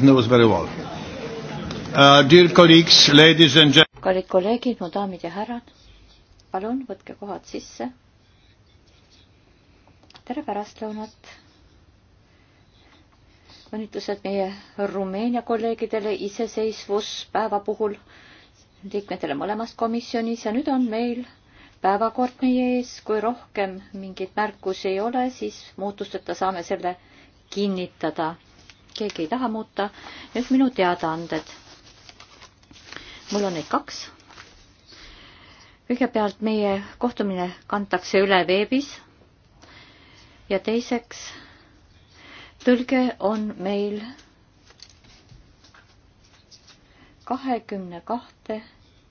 knows very well uh,. Dear colleagues, ladies and gentlemen. kallid kolleegid, mu daamid ja härrad, palun võtke kohad sisse. tere pärastlõunat. õnnitlused meie Rumeenia kolleegidele iseseisvuspäeva puhul, liikmetele mõlemas komisjonis ja nüüd on meil päevakord meie ees, kui rohkem mingeid märkusi ei ole, siis muutusteta saame selle kinnitada keegi ei taha muuta. nüüd minu teadaanded. mul on neid kaks. kõigepealt meie kohtumine kantakse üle veebis. ja teiseks, tõlge on meil kahekümne kahte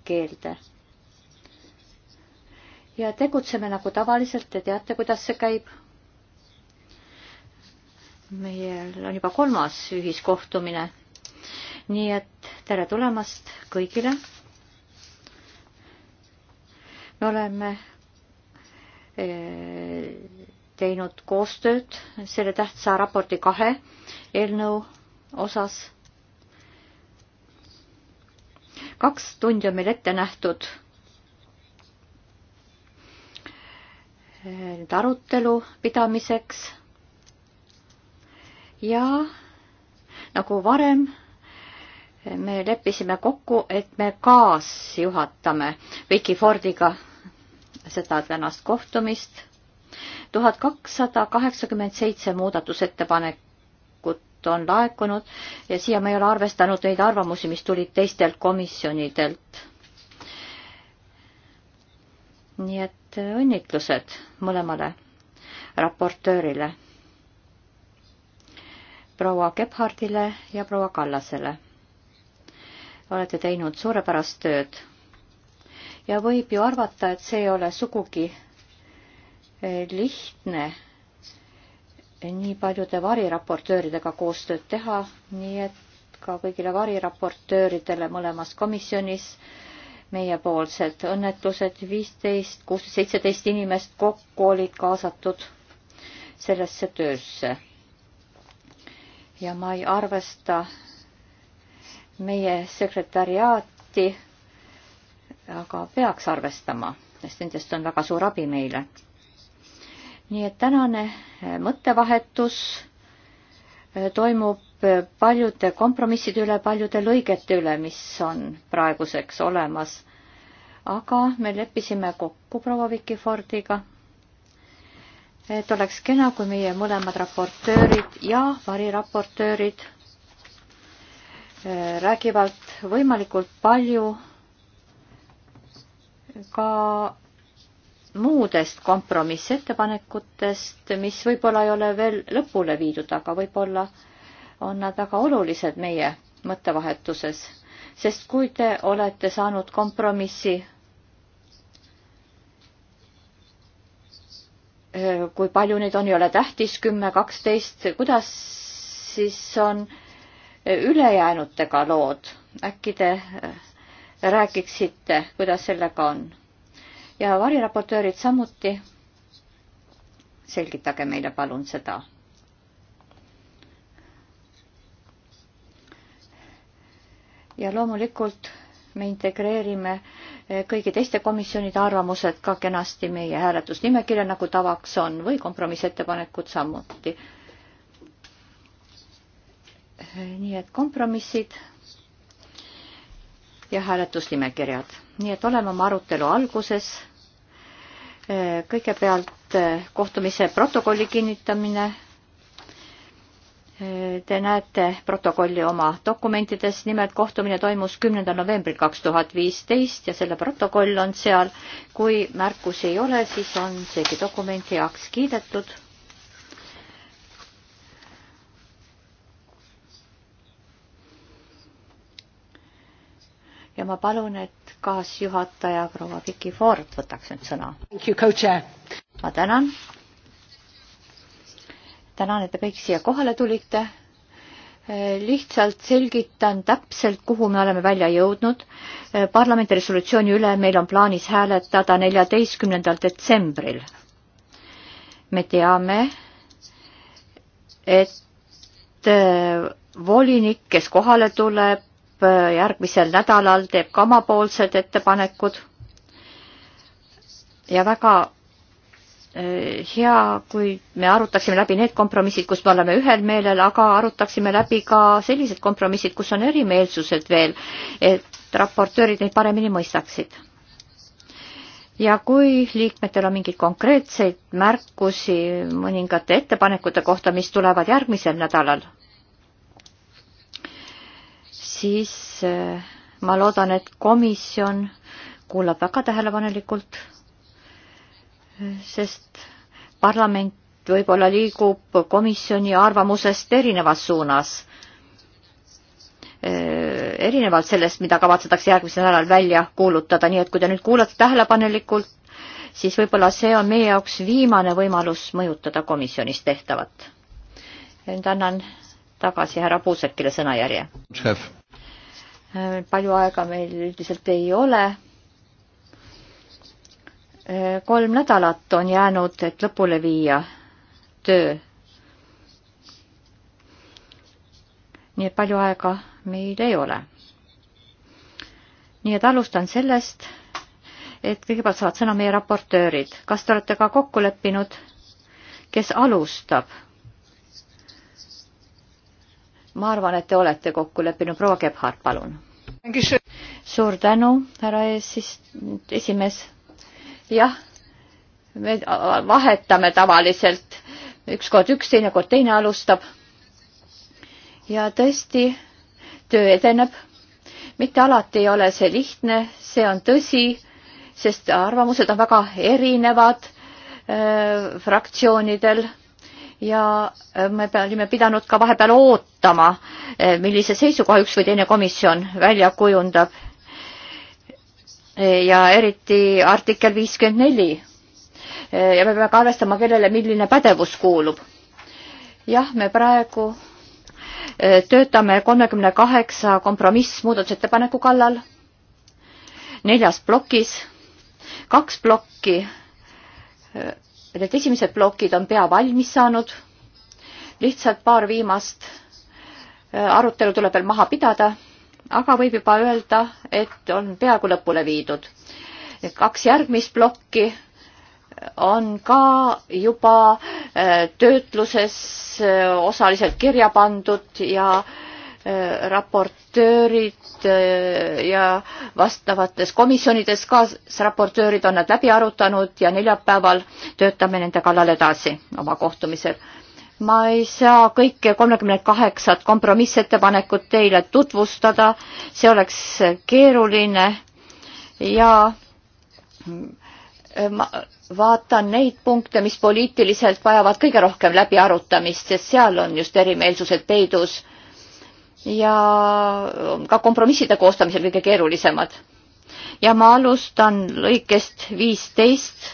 keelde ja tegutseme nagu tavaliselt, te teate, kuidas see käib meil on juba kolmas ühiskohtumine. nii et tere tulemast kõigile. me oleme e, teinud koostööd selle tähtsa raporti kahe eelnõu osas. kaks tundi on meil ette nähtud e, nüüd arutelu pidamiseks ja nagu varem, me leppisime kokku, et me kaasjuhatame Vicky Fordiga seda tänast kohtumist. tuhat kakssada kaheksakümmend seitse muudatusettepanekut on laekunud ja siia me ei ole arvestanud neid arvamusi, mis tulid teistelt komisjonidelt. nii et õnnitlused mõlemale raportöörile proua Gebhardile ja proua Kallasele. olete teinud suurepärast tööd ja võib ju arvata, et see ei ole sugugi eh, lihtne nii paljude variraportööridega koostööd teha, nii et ka kõigile variraportööridele mõlemas komisjonis meiepoolsed õnnetused, viisteist, kuusteist, seitseteist inimest kokku olid kaasatud sellesse töösse ja ma ei arvesta meie sekretariaati, aga peaks arvestama, sest nendest on väga suur abi meile. nii et tänane mõttevahetus eh, toimub paljude kompromisside üle, paljude lõigete üle, mis on praeguseks olemas. aga me leppisime kokku proua Vikifordiga et oleks kena, kui meie mõlemad raportöörid ja variraportöörid äh, räägivad võimalikult palju ka muudest kompromissettepanekutest, mis võib-olla ei ole veel lõpule viidud, aga võib-olla on nad väga olulised meie mõttevahetuses, sest kui te olete saanud kompromissi kui palju neid on, ei ole tähtis, kümme, kaksteist, kuidas siis on ülejäänutega lood, äkki te äh, räägiksite, kuidas sellega on? ja variraportöörid samuti, selgitage meile palun seda. ja loomulikult me integreerime äh, Eh, kõigi teiste komisjonide arvamused ka kenasti meie hääletusnimekirja, nagu tavaks on, või kompromissettepanekud samuti. Eh, nii et kompromissid ja hääletusnimekirjad. nii et oleme oma arutelu alguses. Eh, kõigepealt kohtumise protokolli kinnitamine Te näete protokolli oma dokumentides, nimelt kohtumine toimus kümnendal novembril kaks tuhat viisteist ja selle protokoll on seal. kui märkusi ei ole, siis on seegi dokument heaks kiidetud. ja ma palun, et kaasjuhataja proua Viki Ford võtaks nüüd sõna. ma tänan tänan, et te kõik siia kohale tulite. lihtsalt selgitan täpselt, kuhu me oleme välja jõudnud. parlamendi resolutsiooni üle meil on plaanis hääletada neljateistkümnendal detsembril. me teame, et äh, volinik, kes kohale tuleb, äh, järgmisel nädalal teeb ka omapoolsed ettepanekud ja väga Eh, hea, kui me arutaksime läbi need kompromissid, kus me oleme ühel meelel, aga arutaksime läbi ka sellised kompromissid, kus on erimeelsused veel, et raportöörid neid paremini mõistaksid. ja kui liikmetel on mingeid konkreetseid märkusi mõningate ettepanekute kohta, mis tulevad järgmisel nädalal, siis eh, ma loodan, et komisjon kuulab väga tähelepanelikult sest parlament võib-olla liigub komisjoni arvamusest erinevas suunas, erinevalt sellest, mida kavatsetakse järgmisel nädalal välja kuulutada, nii et kui te nüüd kuulate tähelepanelikult, siis võib-olla see on meie jaoks viimane võimalus mõjutada komisjonis tehtavat. ja nüüd annan tagasi härra Puusekile sõnajärje. palju aega meil üldiselt ei ole kolm nädalat on jäänud, et lõpule viia töö. nii et palju aega meil ei ole. nii et alustan sellest, et kõigepealt saavad sõna meie raportöörid. kas te olete ka kokku leppinud, kes alustab? ma arvan, et te olete kokku leppinud. proua Gebhard, palun. suur tänu, härra eesist-, esimees jah, me vahetame tavaliselt ükskord üks, üks, teinekord teine alustab. ja tõesti, töö edeneb. mitte alati ei ole see lihtne, see on tõsi, sest arvamused on väga erinevad äh, fraktsioonidel ja äh, me olime pidanud ka vahepeal ootama, äh, millise seisukoha üks või teine komisjon välja kujundab ja eriti artikkel viiskümmend neli. ja me peame ka arvestama, kellele milline pädevus kuulub. jah, me praegu e, töötame kolmekümne kaheksa kompromissmuudatusettepaneku kallal neljas plokis, kaks plokki. E, need esimesed plokid on pea valmis saanud. lihtsalt paar viimast e, arutelu tuleb veel maha pidada aga võib juba öelda, et on peaaegu lõpule viidud. kaks järgmist plokki on ka juba äh, töötluses äh, osaliselt kirja pandud ja äh, raportöörid ja vastavates komisjonides kaasraportöörid on nad läbi arutanud ja neljapäeval töötame nende kallal edasi oma kohtumisel ma ei saa kõike kolmekümne kaheksat kompromissettepanekut teile tutvustada, see oleks keeruline ja mm, ma vaatan neid punkte, mis poliitiliselt vajavad kõige rohkem läbiarutamist, sest seal on just erimeelsused peidus ja ka kompromisside koostamisel kõige keerulisemad. ja ma alustan lõikest viisteist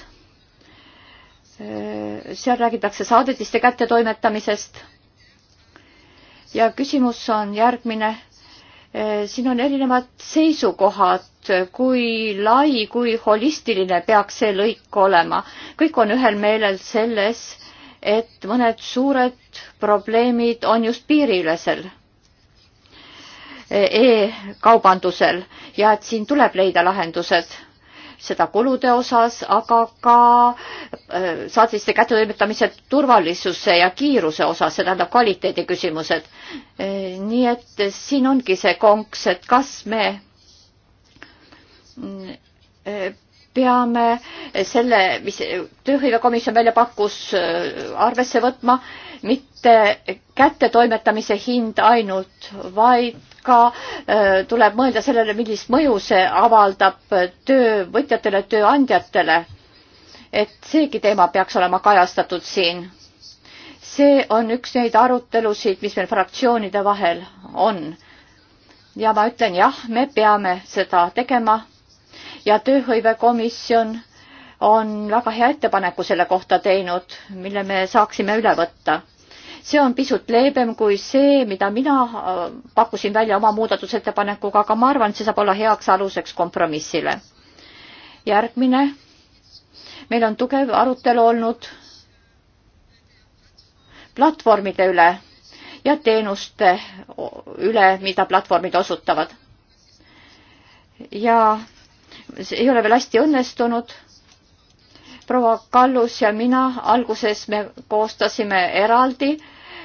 Äh, seal räägitakse saadetiste kättetoimetamisest. ja küsimus on järgmine. Äh, siin on erinevad seisukohad, kui lai, kui holistiline peaks see lõik olema. kõik on ühel meelel selles, et mõned suured probleemid on just piiriülesel äh, e-kaubandusel ja et siin tuleb leida lahendused seda kulude osas, aga ka äh, saatiste kättetoimetamise turvalisuse ja kiiruse osas, see tähendab kvaliteedi küsimused. Äh, nii et siin ongi see konks, et kas me äh, peame selle, mis tööhõivekomisjon välja pakkus, arvesse võtma mitte kättetoimetamise hind ainult, vaid ka äh, tuleb mõelda sellele, millist mõju see avaldab töövõtjatele, tööandjatele. et seegi teema peaks olema kajastatud siin. see on üks neid arutelusid, mis meil fraktsioonide vahel on. ja ma ütlen jah, me peame seda tegema ja tööhõivekomisjon on väga hea ettepaneku selle kohta teinud, mille me saaksime üle võtta see on pisut leebem kui see, mida mina äh, pakkusin välja oma muudatusettepanekuga, aga ma arvan, et see saab olla heaks aluseks kompromissile. järgmine. meil on tugev arutelu olnud platvormide üle ja teenuste üle, mida platvormid osutavad. ja see ei ole veel hästi õnnestunud proua Kallus ja mina alguses me koostasime eraldi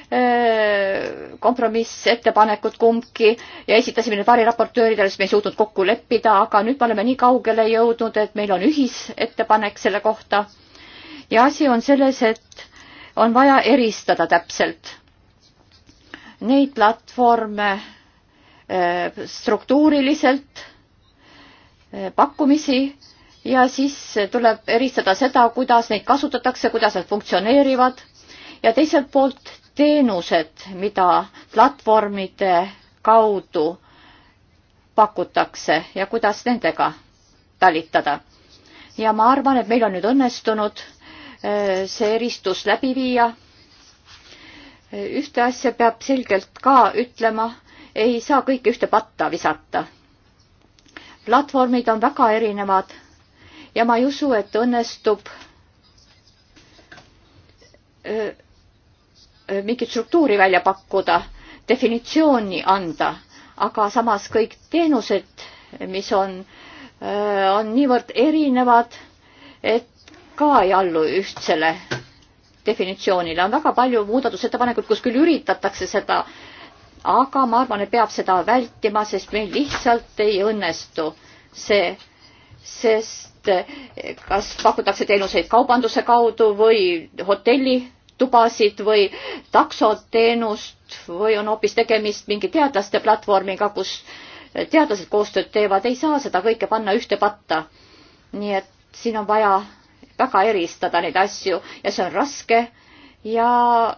Äh, kompromissettepanekut kumbki ja esitasime need variraportööridele, sest me ei suutnud kokku leppida, aga nüüd me oleme nii kaugele jõudnud, et meil on ühisettepanek selle kohta. ja asi on selles, et on vaja eristada täpselt neid platvorme äh, struktuuriliselt, äh, pakkumisi ja siis tuleb eristada seda, kuidas neid kasutatakse, kuidas nad funktsioneerivad ja teiselt poolt teenused, mida platvormide kaudu pakutakse ja kuidas nendega talitada. ja ma arvan, et meil on nüüd õnnestunud äh, see eristus läbi viia. ühte asja peab selgelt ka ütlema, ei saa kõike ühte patta visata. platvormid on väga erinevad ja ma ei usu, et õnnestub öö, äh, Äh, mingit struktuuri välja pakkuda, definitsiooni anda, aga samas kõik teenused, mis on, äh, on niivõrd erinevad, et ka ei allu ühtsele definitsioonile. on väga palju muudatusettepanekuid, kus küll üritatakse seda, aga ma arvan, et peab seda vältima, sest meil lihtsalt ei õnnestu see, sest äh, kas pakutakse teenuseid kaubanduse kaudu või hotelli tubasid või taksoteenust või on hoopis tegemist mingi teadlaste platvormiga, kus teadlased koostööd teevad, ei saa seda kõike panna ühte patta. nii et siin on vaja väga eristada neid asju ja see on raske ja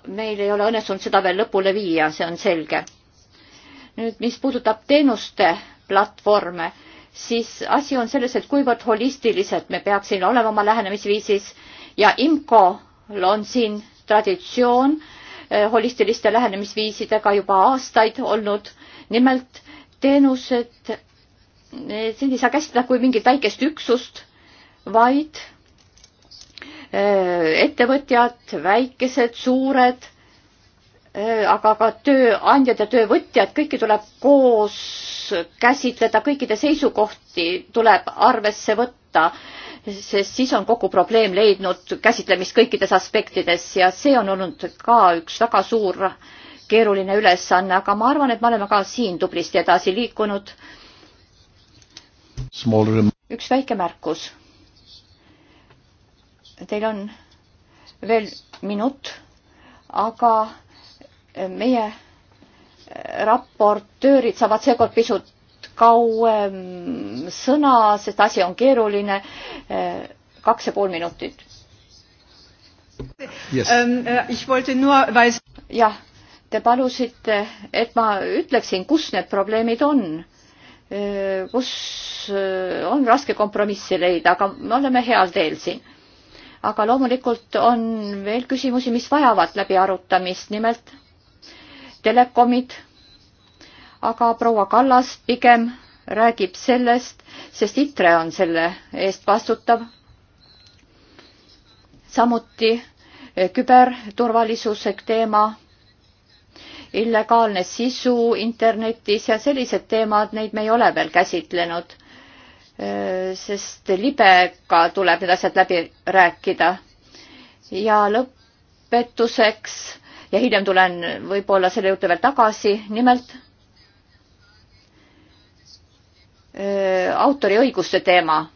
meil ei ole õnnestunud seda veel lõpule viia, see on selge. nüüd, mis puudutab teenuste platvorme, siis asi on selles, et kuivõrd holistiliselt me peaksime olema oma lähenemisviisis ja IMCO-l on siin traditsioon eh, holistiliste lähenemisviisidega juba aastaid olnud. nimelt teenused, eh, sind ei saa käsitleda kui mingit väikest üksust, vaid eh, ettevõtjad, väikesed, suured, aga ka tööandjad ja töövõtjad, kõiki tuleb koos käsitleda, kõikide seisukohti tuleb arvesse võtta võtta, sest siis on kogu probleem leidnud käsitlemist kõikides aspektides ja see on olnud ka üks väga suur keeruline ülesanne, aga ma arvan, et me oleme ka siin tublisti edasi liikunud. üks väike märkus. Teil on veel minut, aga meie eh, raportöörid saavad seekord pisut kauem sõna, sest asi on keeruline. kaks ja pool minutit. Ähm, äh, jah, te palusite, et ma ütleksin, kus need probleemid on äh, kus äh, on raske kompromissi leida, aga me oleme heal teel siin. aga loomulikult on veel küsimusi, mis vajavad läbiarutamist, nimelt telekomid aga proua Kallas pigem räägib sellest, sest ITRE on selle eest vastutav. samuti eh, küberturvalisuse teema, illegaalne sisu internetis ja sellised teemad, neid me ei ole veel käsitlenud. Eh, sest libega tuleb need asjad läbi rääkida. ja lõpetuseks ja hiljem tulen võib-olla selle juurde veel tagasi, nimelt Äh, autoriõiguste teema,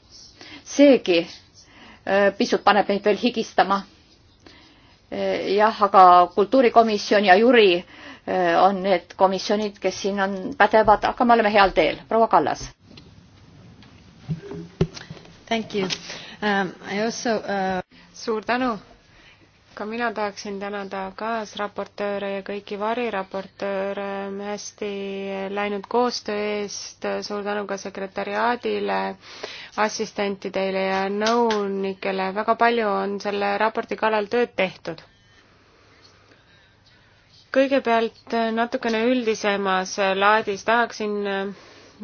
seegi äh, pisut paneb meid veel higistama. Äh, jah, aga kultuurikomisjon ja juri on need komisjonid, kes siin on pädevad, aga me oleme heal teel. proua Kallas. Thank you um,. I also uh.... suur tänu ka mina tahaksin tänada kaasraportööre ja kõiki variraportööre hästi läinud koostöö eest, suur tänu ka sekretäriaadile, assistentidele ja nõunikele, väga palju on selle raporti kallal tööd tehtud. kõigepealt natukene üldisemas laadis tahaksin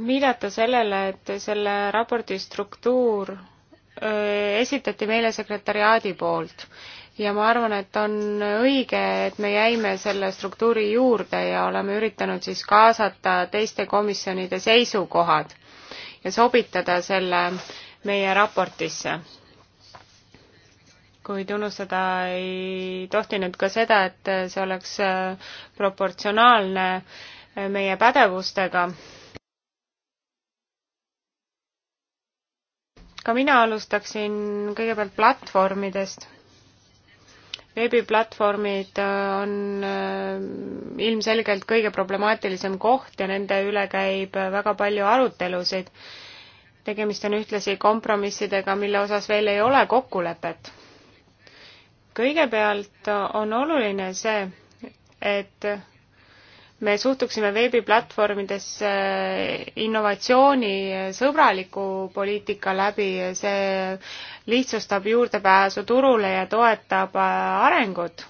viidata sellele, et selle raporti struktuur äh, esitati meile sekretäriaadi poolt ja ma arvan, et on õige, et me jäime selle struktuuri juurde ja oleme üritanud siis kaasata teiste komisjonide seisukohad ja sobitada selle meie raportisse. kuid unustada ei tohtinud ka seda, et see oleks äh, proportsionaalne äh, meie pädevustega ka mina alustaksin kõigepealt platvormidest veebiplatvormid äh, on äh, ilmselgelt kõige problemaatilisem koht ja nende üle käib äh, väga palju arutelusid. tegemist on ühtlasi kompromissidega, mille osas veel ei ole kokkulepet. kõigepealt on oluline see, et me suhtuksime veebiplatvormidesse innovatsioonisõbraliku poliitika läbi, see lihtsustab juurdepääsu turule ja toetab äh, arengut.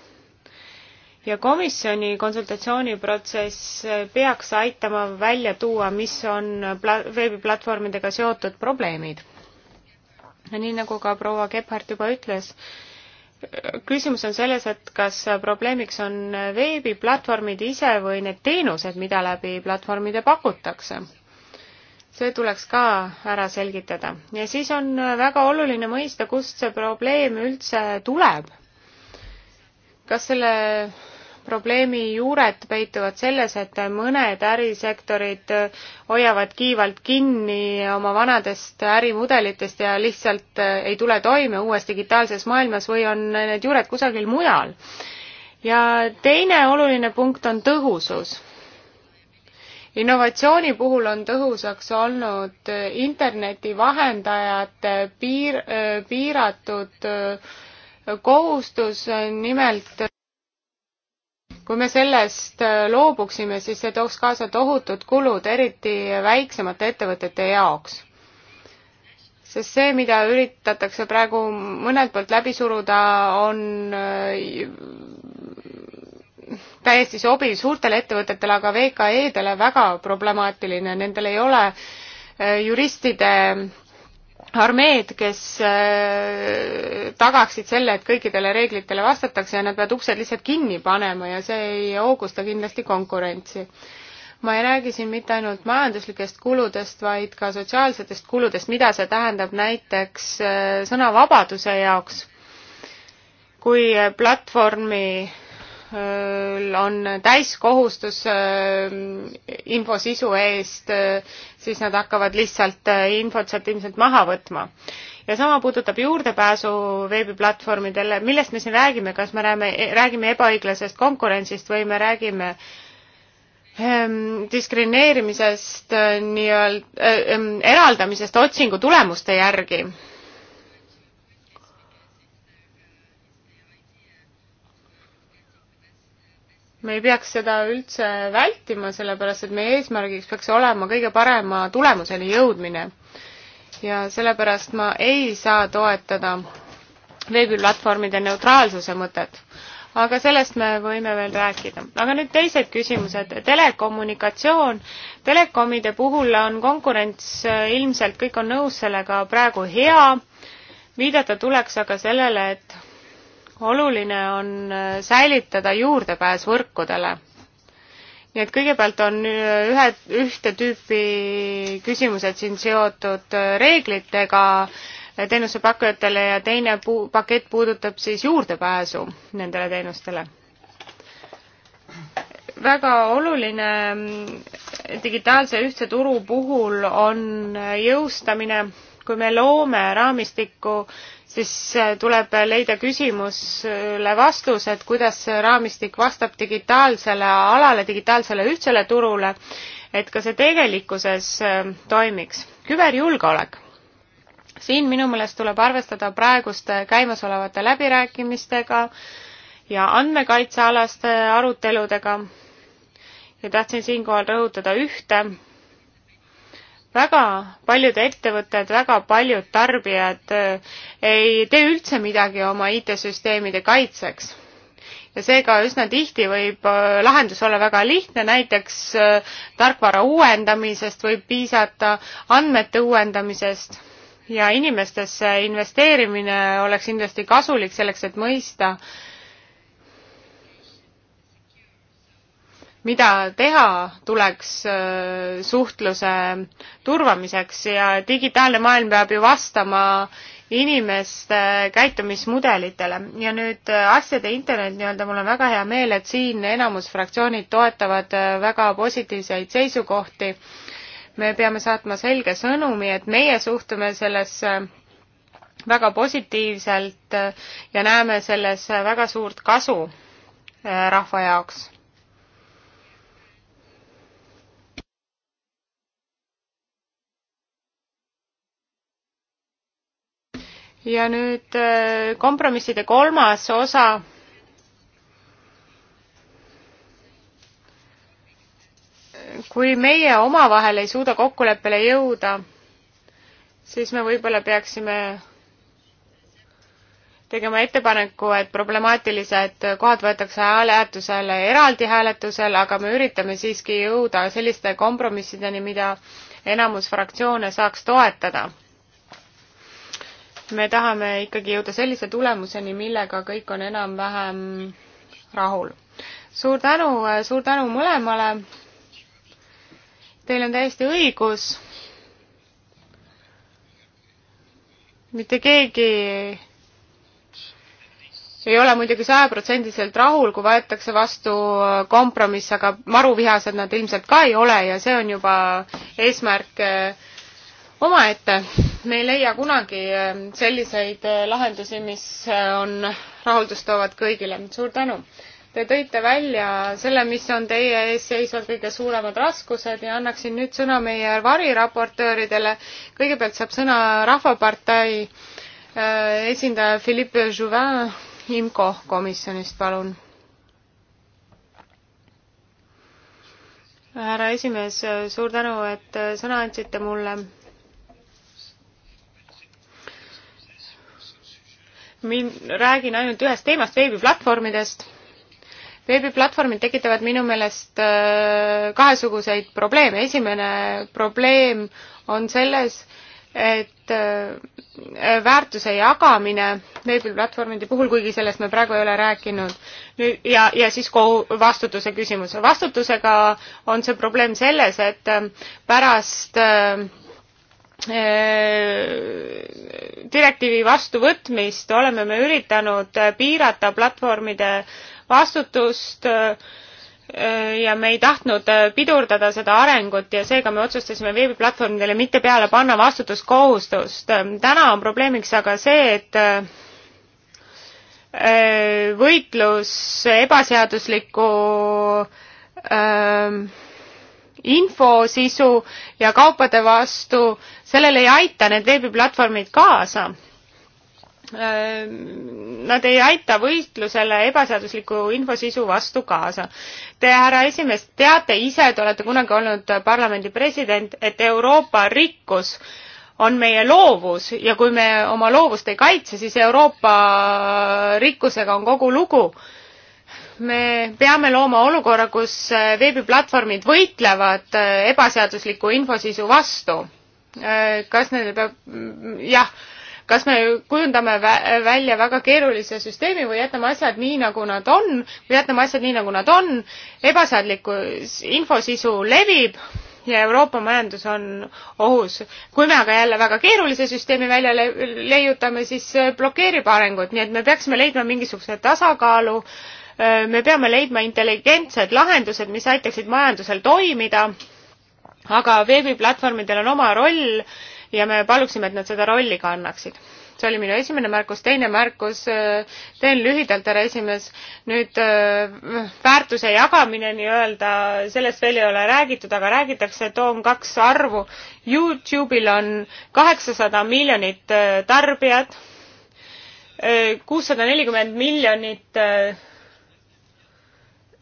ja komisjoni konsultatsiooniprotsess äh, peaks aitama välja tuua, mis on pla-, veebiplatvormidega seotud probleemid. nii nagu ka proua Gebhardt juba ütles, küsimus on selles, et kas probleemiks on veebiplatvormid ise või need teenused, mida läbi platvormide pakutakse see tuleks ka ära selgitada. ja siis on väga oluline mõista, kust see probleem üldse tuleb. kas selle probleemi juured peituvad selles, et mõned ärisektorid hoiavad kiivalt kinni oma vanadest ärimudelitest ja lihtsalt ei tule toime uues digitaalses maailmas või on need juured kusagil mujal. ja teine oluline punkt on tõhusus innovatsiooni puhul on tõhusaks olnud interneti vahendajate piir, piiratud äh, kohustus, nimelt kui me sellest äh, loobuksime, siis see tooks kaasa tohutud kulud, eriti väiksemate ettevõtete jaoks. sest see, mida üritatakse praegu mõnelt poolt läbi suruda, on äh, täiesti sobiv suurtele ettevõtetele, aga VKE-dele väga problemaatiline, nendel ei ole äh, juristide armeed, kes äh, tagaksid selle, et kõikidele reeglitele vastatakse ja nad peavad uksed lihtsalt kinni panema ja see ei hoogusta kindlasti konkurentsi. ma ei räägi siin mitte ainult majanduslikest kuludest, vaid ka sotsiaalsetest kuludest, mida see tähendab näiteks äh, sõnavabaduse jaoks, kui platvormi Äh, on täiskohustus äh, info sisu eest, äh, siis nad hakkavad lihtsalt infot sealt ilmselt maha võtma. ja sama puudutab juurdepääsu veebiplatvormidele, millest me siin räägime, kas me räägime, e, räägime ebaõiglasest konkurentsist või me räägime ähm, diskrimineerimisest nii-öelda äh,, ähm, eraldamisest otsingu tulemuste järgi me ei peaks seda üldse vältima, sellepärast et meie eesmärgiks peaks olema kõige parema tulemuseni jõudmine. ja sellepärast ma ei saa toetada veebiplatvormide neutraalsuse mõtet. aga sellest me võime veel rääkida. aga nüüd teised küsimused. telekommunikatsioon. telekomide puhul on konkurents äh, ilmselt, kõik on nõus sellega, praegu hea. viidata tuleks aga sellele, et oluline on äh, säilitada juurdepääs võrkudele. nii et kõigepealt on äh, ühe, ühte tüüpi küsimused siin seotud äh, reeglitega teenusepakkujatele ja teine puu-, pakett puudutab siis juurdepääsu nendele teenustele. väga oluline mm, digitaalse ühtse turu puhul on jõustamine, kui me loome raamistikku, siis äh, tuleb leida küsimusele vastus, et kuidas see raamistik vastab digitaalsele alale, digitaalsele ühtsele turule, et ka see tegelikkuses äh, toimiks. küberjulgeolek. siin minu meelest tuleb arvestada praeguste käimasolevate läbirääkimistega ja andmekaitsealaste aruteludega ja tahtsin siinkohal rõhutada ühte väga paljud ettevõtted, väga paljud tarbijad äh, ei tee üldse midagi oma IT-süsteemide kaitseks. ja seega üsna tihti võib äh, lahendus olla väga lihtne, näiteks äh, tarkvara uuendamisest võib piisata, andmete uuendamisest ja inimestesse investeerimine oleks kindlasti kasulik selleks, et mõista, mida teha tuleks äh, suhtluse turvamiseks ja digitaalne maailm peab ju vastama inimeste käitumismudelitele ja nüüd äh, asjade internet nii-öelda, mul on väga hea meel, et siin enamus fraktsioonid toetavad äh, väga positiivseid seisukohti. me peame saatma selge sõnumi, et meie suhtume sellesse väga positiivselt ja näeme selles väga suurt kasu rahva jaoks ja nüüd äh, kompromisside kolmas osa. kui meie omavahel ei suuda kokkuleppele jõuda, siis me võib-olla peaksime tegema ettepaneku, et problemaatilised kohad võetakse hääletusele eraldi hääletusel, aga me üritame siiski jõuda selliste kompromissideni, mida enamus fraktsioone saaks toetada me tahame ikkagi jõuda sellise tulemuseni, millega kõik on enam-vähem rahul. suur tänu, suur tänu mõlemale. Teil on täiesti õigus. mitte keegi ei ole muidugi sajaprotsendiliselt rahul, kui võetakse vastu kompromiss, aga maruvihased nad ilmselt ka ei ole ja see on juba eesmärk äh, omaette. me ei leia kunagi äh, selliseid äh, lahendusi, mis äh, on rahuldust toovad kõigile. suur tänu! Te tõite välja selle, mis on teie ees seisvad kõige suuremad raskused ja annaksin nüüd sõna meie variraportööridele. kõigepealt saab sõna Rahvapartei esindaja Philippe Jouvin IMCO komisjonist, palun. härra esimees, suur tänu, et sõna andsite mulle min-, räägin ainult ühest teemast, veebiplatvormidest. veebiplatvormid tekitavad minu meelest äh, kahesuguseid probleeme. esimene probleem on selles, et äh, väärtuse jagamine veebiplatvormide puhul, kuigi sellest me praegu ei ole rääkinud, nüüd ja, ja siis kohu-, vastutuse küsimus. vastutusega on see probleem selles, et äh, pärast äh, Äh, direktiivi vastuvõtmist oleme me üritanud piirata platvormide vastutust äh, ja me ei tahtnud äh, pidurdada seda arengut ja seega me otsustasime veebiplatvormidele mitte peale panna vastutuskohustust. täna on probleemiks aga see, et võitlus ebaseadusliku öö, infosisu ja kaupade vastu, sellele ei aita need veebiplatvormid kaasa. Nad ei aita võitlusele ebaseadusliku infosisu vastu kaasa. Te, härra esimees, teate ise, te olete kunagi olnud parlamendi president, et Euroopa rikkus on meie loovus ja kui me oma loovust ei kaitse, siis Euroopa rikkusega on kogu lugu me peame looma olukorra, kus äh, veebiplatvormid võitlevad äh, ebaseadusliku infosisu vastu. Äh, kas neil peab, mm, jah, kas me kujundame vä välja väga keerulise süsteemi või jätame asjad nii, nagu nad on, või jätame asjad nii, nagu nad on, ebaseadliku infosisu levib ja Euroopa majandus on ohus. kui me aga jälle väga keerulise süsteemi välja le leiutame, siis blokeerib arengut, nii et me peaksime leidma mingisuguse tasakaalu äh, Äh, me peame leidma intelligentsed lahendused, mis aitaksid majandusel toimida, aga veebiplatvormidel on oma roll ja me paluksime, et nad seda rolli kannaksid. see oli minu esimene märkus, teine märkus, äh, teen lühidalt, härra esimees, nüüd äh, väärtuse jagamine nii-öelda, sellest veel ei ole räägitud, aga räägitakse, toon kaks arvu. Youtube'il on kaheksasada miljonit tarbijat, kuussada nelikümmend miljonit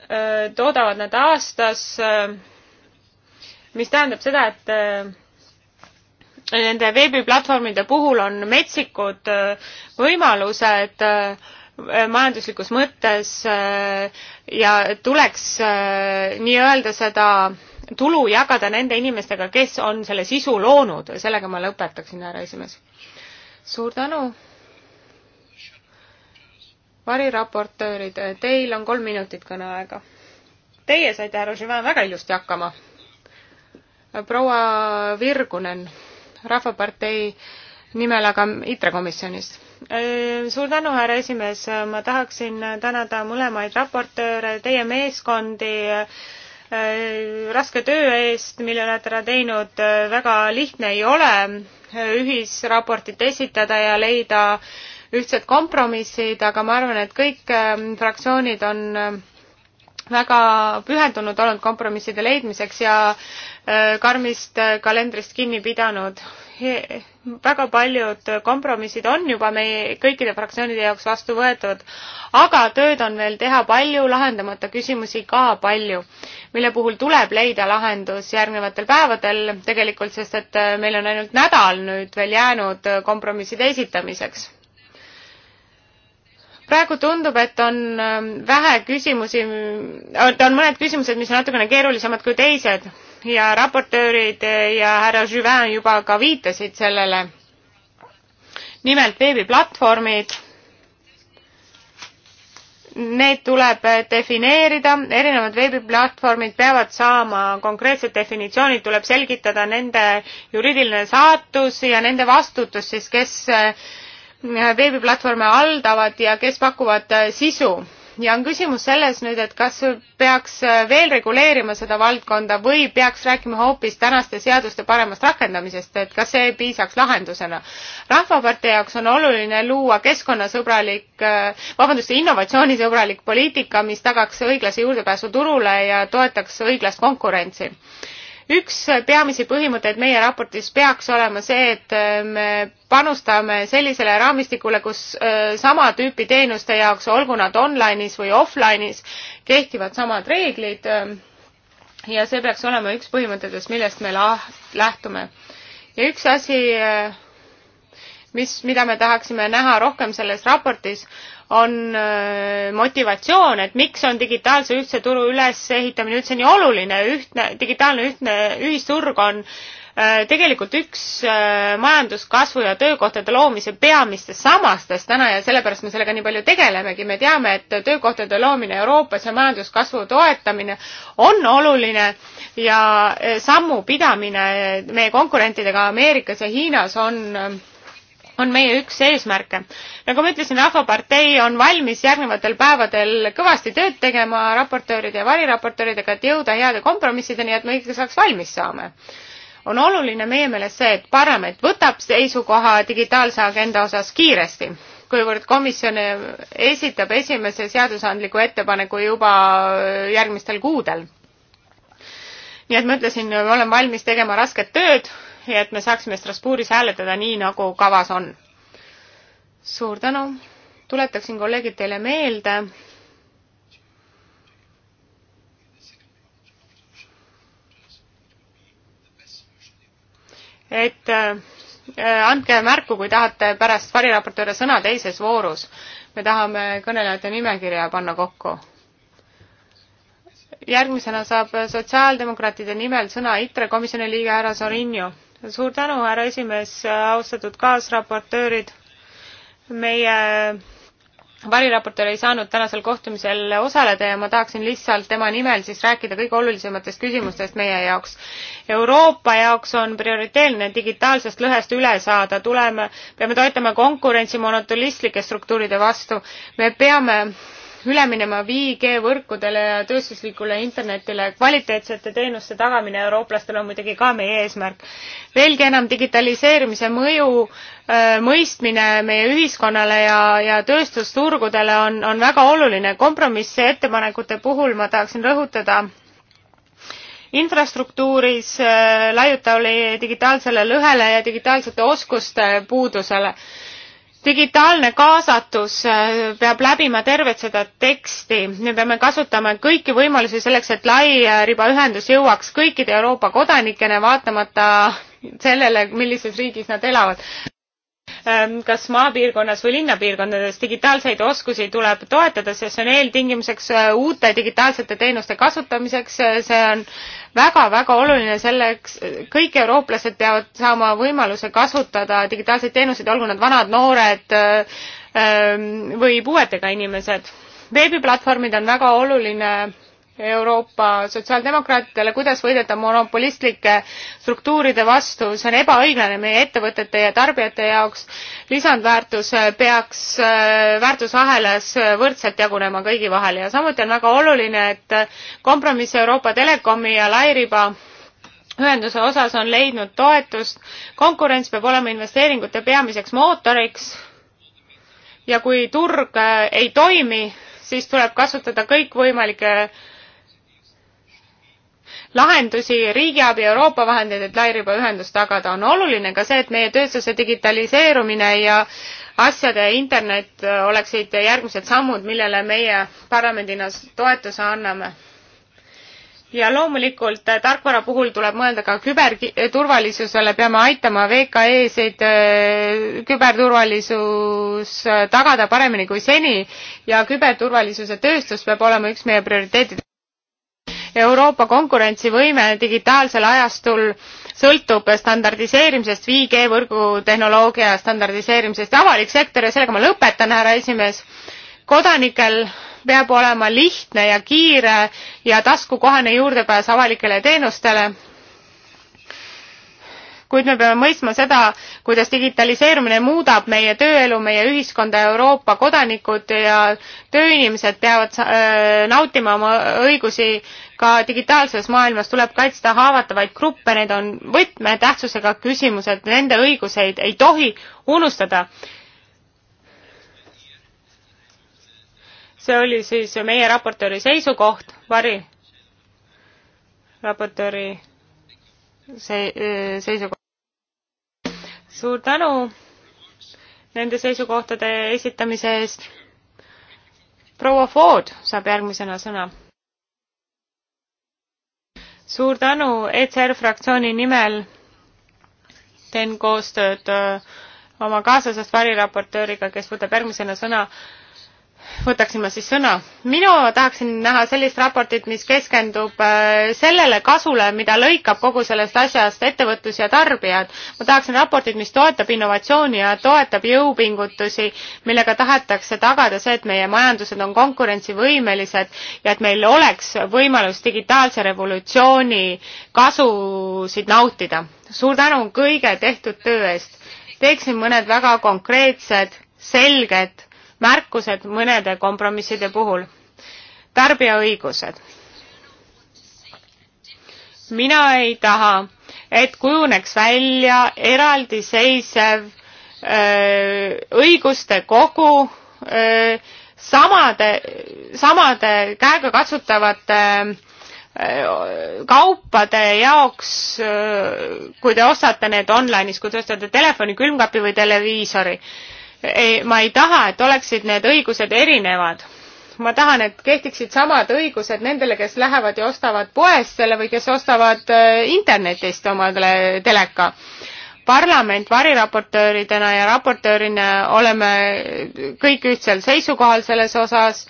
Äh, toodavad nad aastas, äh, mis tähendab seda, et äh, nende veebiplatvormide puhul on metsikud võimalused majanduslikus mõttes ja tuleks nii-öelda seda tulu jagada nende inimestega, kes on selle sisu loonud. sellega ma lõpetaksin, härra esimees. suur tänu variraportöörid, teil on kolm minutit kõneaega. Teie saite, härra Živan, väga ilusti hakkama. proua Virgunen, Rahvapartei nimel, aga ITRE komisjonis. suur tänu, härra esimees, ma tahaksin tänada mõlemaid raportööre, teie meeskondi raske töö eest, mille olete ära teinud, väga lihtne ei ole ühisraportit esitada ja leida ühtsed kompromissid, aga ma arvan, et kõik ähm, fraktsioonid on ähm, väga pühendunud olnud kompromisside leidmiseks ja äh, karmist äh, kalendrist kinni pidanud. väga paljud kompromissid on juba meie kõikide fraktsioonide jaoks vastu võetud, aga tööd on veel teha palju, lahendamata küsimusi ka palju, mille puhul tuleb leida lahendus järgnevatel päevadel tegelikult, sest et äh, meil on ainult nädal nüüd veel jäänud kompromisside esitamiseks praegu tundub, et on ähm, vähe küsimusi, on mõned küsimused, mis on natukene keerulisemad kui teised ja raportöörid äh, ja härra Juvin juba ka viitasid sellele. nimelt veebiplatvormid. Need tuleb äh, defineerida, erinevad veebiplatvormid peavad saama konkreetsed definitsioonid, tuleb selgitada nende juriidiline saatus ja nende vastutus siis, kes äh, veebiplatvorme haldavad ja kes pakuvad äh, sisu ja on küsimus selles nüüd, et kas peaks äh, veel reguleerima seda valdkonda või peaks rääkima hoopis tänaste seaduste paremast rakendamisest, et kas see piisaks lahendusena. rahvapartei jaoks on oluline luua keskkonnasõbralik, äh, vabandust, innovatsioonisõbralik poliitika, mis tagaks õiglase juurdepääsu turule ja toetaks õiglast konkurentsi üks peamisi põhimõtteid meie raportis peaks olema see, et äh, me panustame sellisele raamistikule, kus äh, sama tüüpi teenuste jaoks, olgu nad online'is või offline'is, kehtivad samad reeglid. Äh, ja see peaks olema üks põhimõtetest, millest me lähtume. ja üks asi mis, mida me tahaksime näha rohkem selles raportis, on äh, motivatsioon, et miks on digitaalse ühtse turu ülesehitamine üldse nii oluline, ühtne, digitaalne ühtne ühisturg on äh, tegelikult üks äh, majanduskasvu ja töökohtade loomise peamistest sammastest täna ja sellepärast me sellega nii palju tegelemegi. me teame, et töökohtade loomine Euroopas ja majanduskasvu toetamine on oluline ja sammu pidamine meie konkurentidega Ameerikas ja Hiinas on on meie üks eesmärke. nagu ma ütlesin, Rahvapartei on valmis järgnevatel päevadel kõvasti tööd tegema raportööride ja variraportööridega, et jõuda heade kompromissideni, et me ikkagi saaks valmis saama on oluline meie meelest see, et parlament võtab seisukoha digitaalse agenda osas kiiresti, kuivõrd komisjon esitab esimese seadusandliku ettepaneku juba järgmistel kuudel. nii et ma ütlesin, olen valmis tegema rasket tööd ja et me saaksime Strasbourgis hääletada nii, nagu kavas on. suur tänu, tuletaksin kolleegid teile meelde, et äh, andke märku, kui tahate pärast variraportööre sõna teises voorus. me tahame kõnelejate nimekirja panna kokku. järgmisena saab sotsiaaldemokraatide nimel sõna ITRE komisjoni liige härra Sorinju suur tänu, härra esimees, austatud kaasraportöörid. meie variraportöör ei saanud tänasel kohtumisel osaleda ja ma tahaksin lihtsalt tema nimel siis rääkida kõige olulisematest küsimustest meie jaoks. Euroopa jaoks on prioriteetne digitaalsest lõhest üle saada, tuleme, peame toetama konkurentsi monopolistlike struktuuride vastu. me peame üle minema 5G võrkudele ja tööstuslikule internetile. kvaliteetsete teenuste tagamine eurooplastele on muidugi ka meie eesmärk. veelgi enam digitaliseerimise mõju äh, mõistmine meie ühiskonnale ja, ja tööstusturgudele on, on väga oluline. kompromissi ettepanekute puhul ma tahaksin rõhutada infrastruktuuris äh, laiutavale digitaalsele lõhele ja digitaalsete oskuste puudusele digitaalne kaasatus äh, peab läbima tervet seda teksti, me peame kasutama kõiki võimalusi selleks, et lairibaühendus jõuaks kõikide Euroopa kodanikena, vaatamata sellele, millises riigis nad elavad. Ähm, kas maapiirkonnas või linnapiirkondades digitaalseid oskusi tuleb toetada, sest see on eeltingimuseks äh, uute digitaalsete teenuste kasutamiseks, äh, see on väga-väga oluline selleks, äh, kõik eurooplased peavad saama võimaluse kasutada digitaalseid teenuseid, olgu nad vanad, noored ähm, või puuetega inimesed. veebiplatvormid on väga oluline Euroopa sotsiaaldemokraatidele, kuidas võidelda monopolistlike struktuuride vastu, see on ebaõiglane meie ettevõtete ja tarbijate jaoks. lisandväärtus peaks äh, väärtusahelas võrdselt jagunema kõigi vahel ja samuti on väga oluline, et kompromiss Euroopa Telekomi ja lairiba ühenduse osas on leidnud toetust. konkurents peab olema investeeringute peamiseks mootoriks. ja kui turg äh, ei toimi, siis tuleb kasutada kõikvõimalikke lahendusi, riigiabi, Euroopa vahendeid, et lairibaühendus tagada. on oluline ka see, et meie tööstuse digitaliseerumine ja asjade internet oleksid järgmised sammud, millele meie parlamendina toetuse anname ja loomulikult äh, tarkvara puhul tuleb mõelda ka küberturvalisusele, äh, peame aitama VKE-sid äh, küberturvalisus tagada paremini kui seni ja küberturvalisuse tööstus peab olema üks meie prioriteetidest. Euroopa konkurentsivõime digitaalsel ajastul sõltub standardiseerimisest, 5G võrgutehnoloogia standardiseerimisest ja avalik sektor ja sellega ma lõpetan, härra esimees. kodanikel peab olema lihtne ja kiire ja taskukohane juurdepääs avalikele teenustele kuid me peame mõistma seda, kuidas digitaliseerumine muudab meie tööelu, meie ühiskonda, Euroopa kodanikud ja tööinimesed peavad äh, nautima oma õigusi ka digitaalses maailmas, tuleb kaitsta haavatavaid gruppe, need on võtmetähtsusega küsimused, nende õiguseid ei tohi unustada see oli siis meie raportööri seisukoht, Vari raportööri see seisukoht. suur tänu nende seisukohtade esitamise eest. proua Ford saab järgmisena sõna. suur tänu ECR fraktsiooni nimel. teen koostööd oma kaaslasest variraportööriga, kes võtab järgmisena sõna võtaksin ma siis sõna. mina tahaksin näha sellist raportit, mis keskendub äh, sellele kasule, mida lõikab kogu sellest asjast ettevõtlus ja tarbijad. ma tahaksin raportit, mis toetab innovatsiooni ja toetab jõupingutusi, millega tahetakse tagada see, et meie majandused on konkurentsivõimelised ja et meil oleks võimalus digitaalse revolutsiooni kasusid nautida. suur tänu kõige tehtud töö eest. teeksin mõned väga konkreetsed selged märkused mõnede kompromisside puhul. tarbijaõigused. mina ei taha, et kujuneks välja eraldiseisev öö, õiguste kogu öö, samade, samade käegakatsutavate kaupade jaoks, kui te ostate need online'is, kui te ostate telefoni, külmkapi või televiisori ei, ma ei taha, et oleksid need õigused erinevad. ma tahan, et kehtiksid samad õigused nendele, kes lähevad ja ostavad poest selle või kes ostavad äh, internetist omale teleka. parlament variraportööridena ja raportöörina oleme kõik ühtsel seisukohal selles osas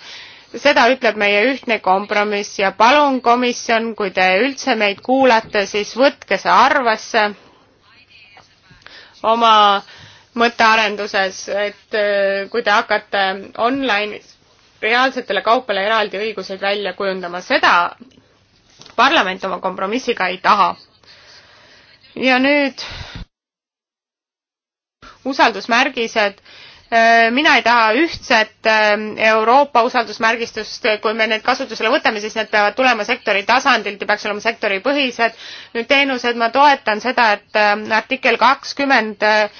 seda ütleb meie ühtne kompromiss ja palun komisjon, kui te üldse meid kuulate, siis võtke see arvesse oma äh, mõttearenduses, et äh, kui te hakkate online'is reaalsetele kaupadele eraldi õiguseid välja kujundama, seda parlament oma kompromissiga ei taha. ja nüüd usaldusmärgised. Äh, mina ei taha ühtset äh, Euroopa usaldusmärgistust, kui me need kasutusele võtame, siis need peavad tulema sektori tasandilt ja peaks olema sektoripõhised. nüüd teenused, ma toetan seda, et artikkel kakskümmend 20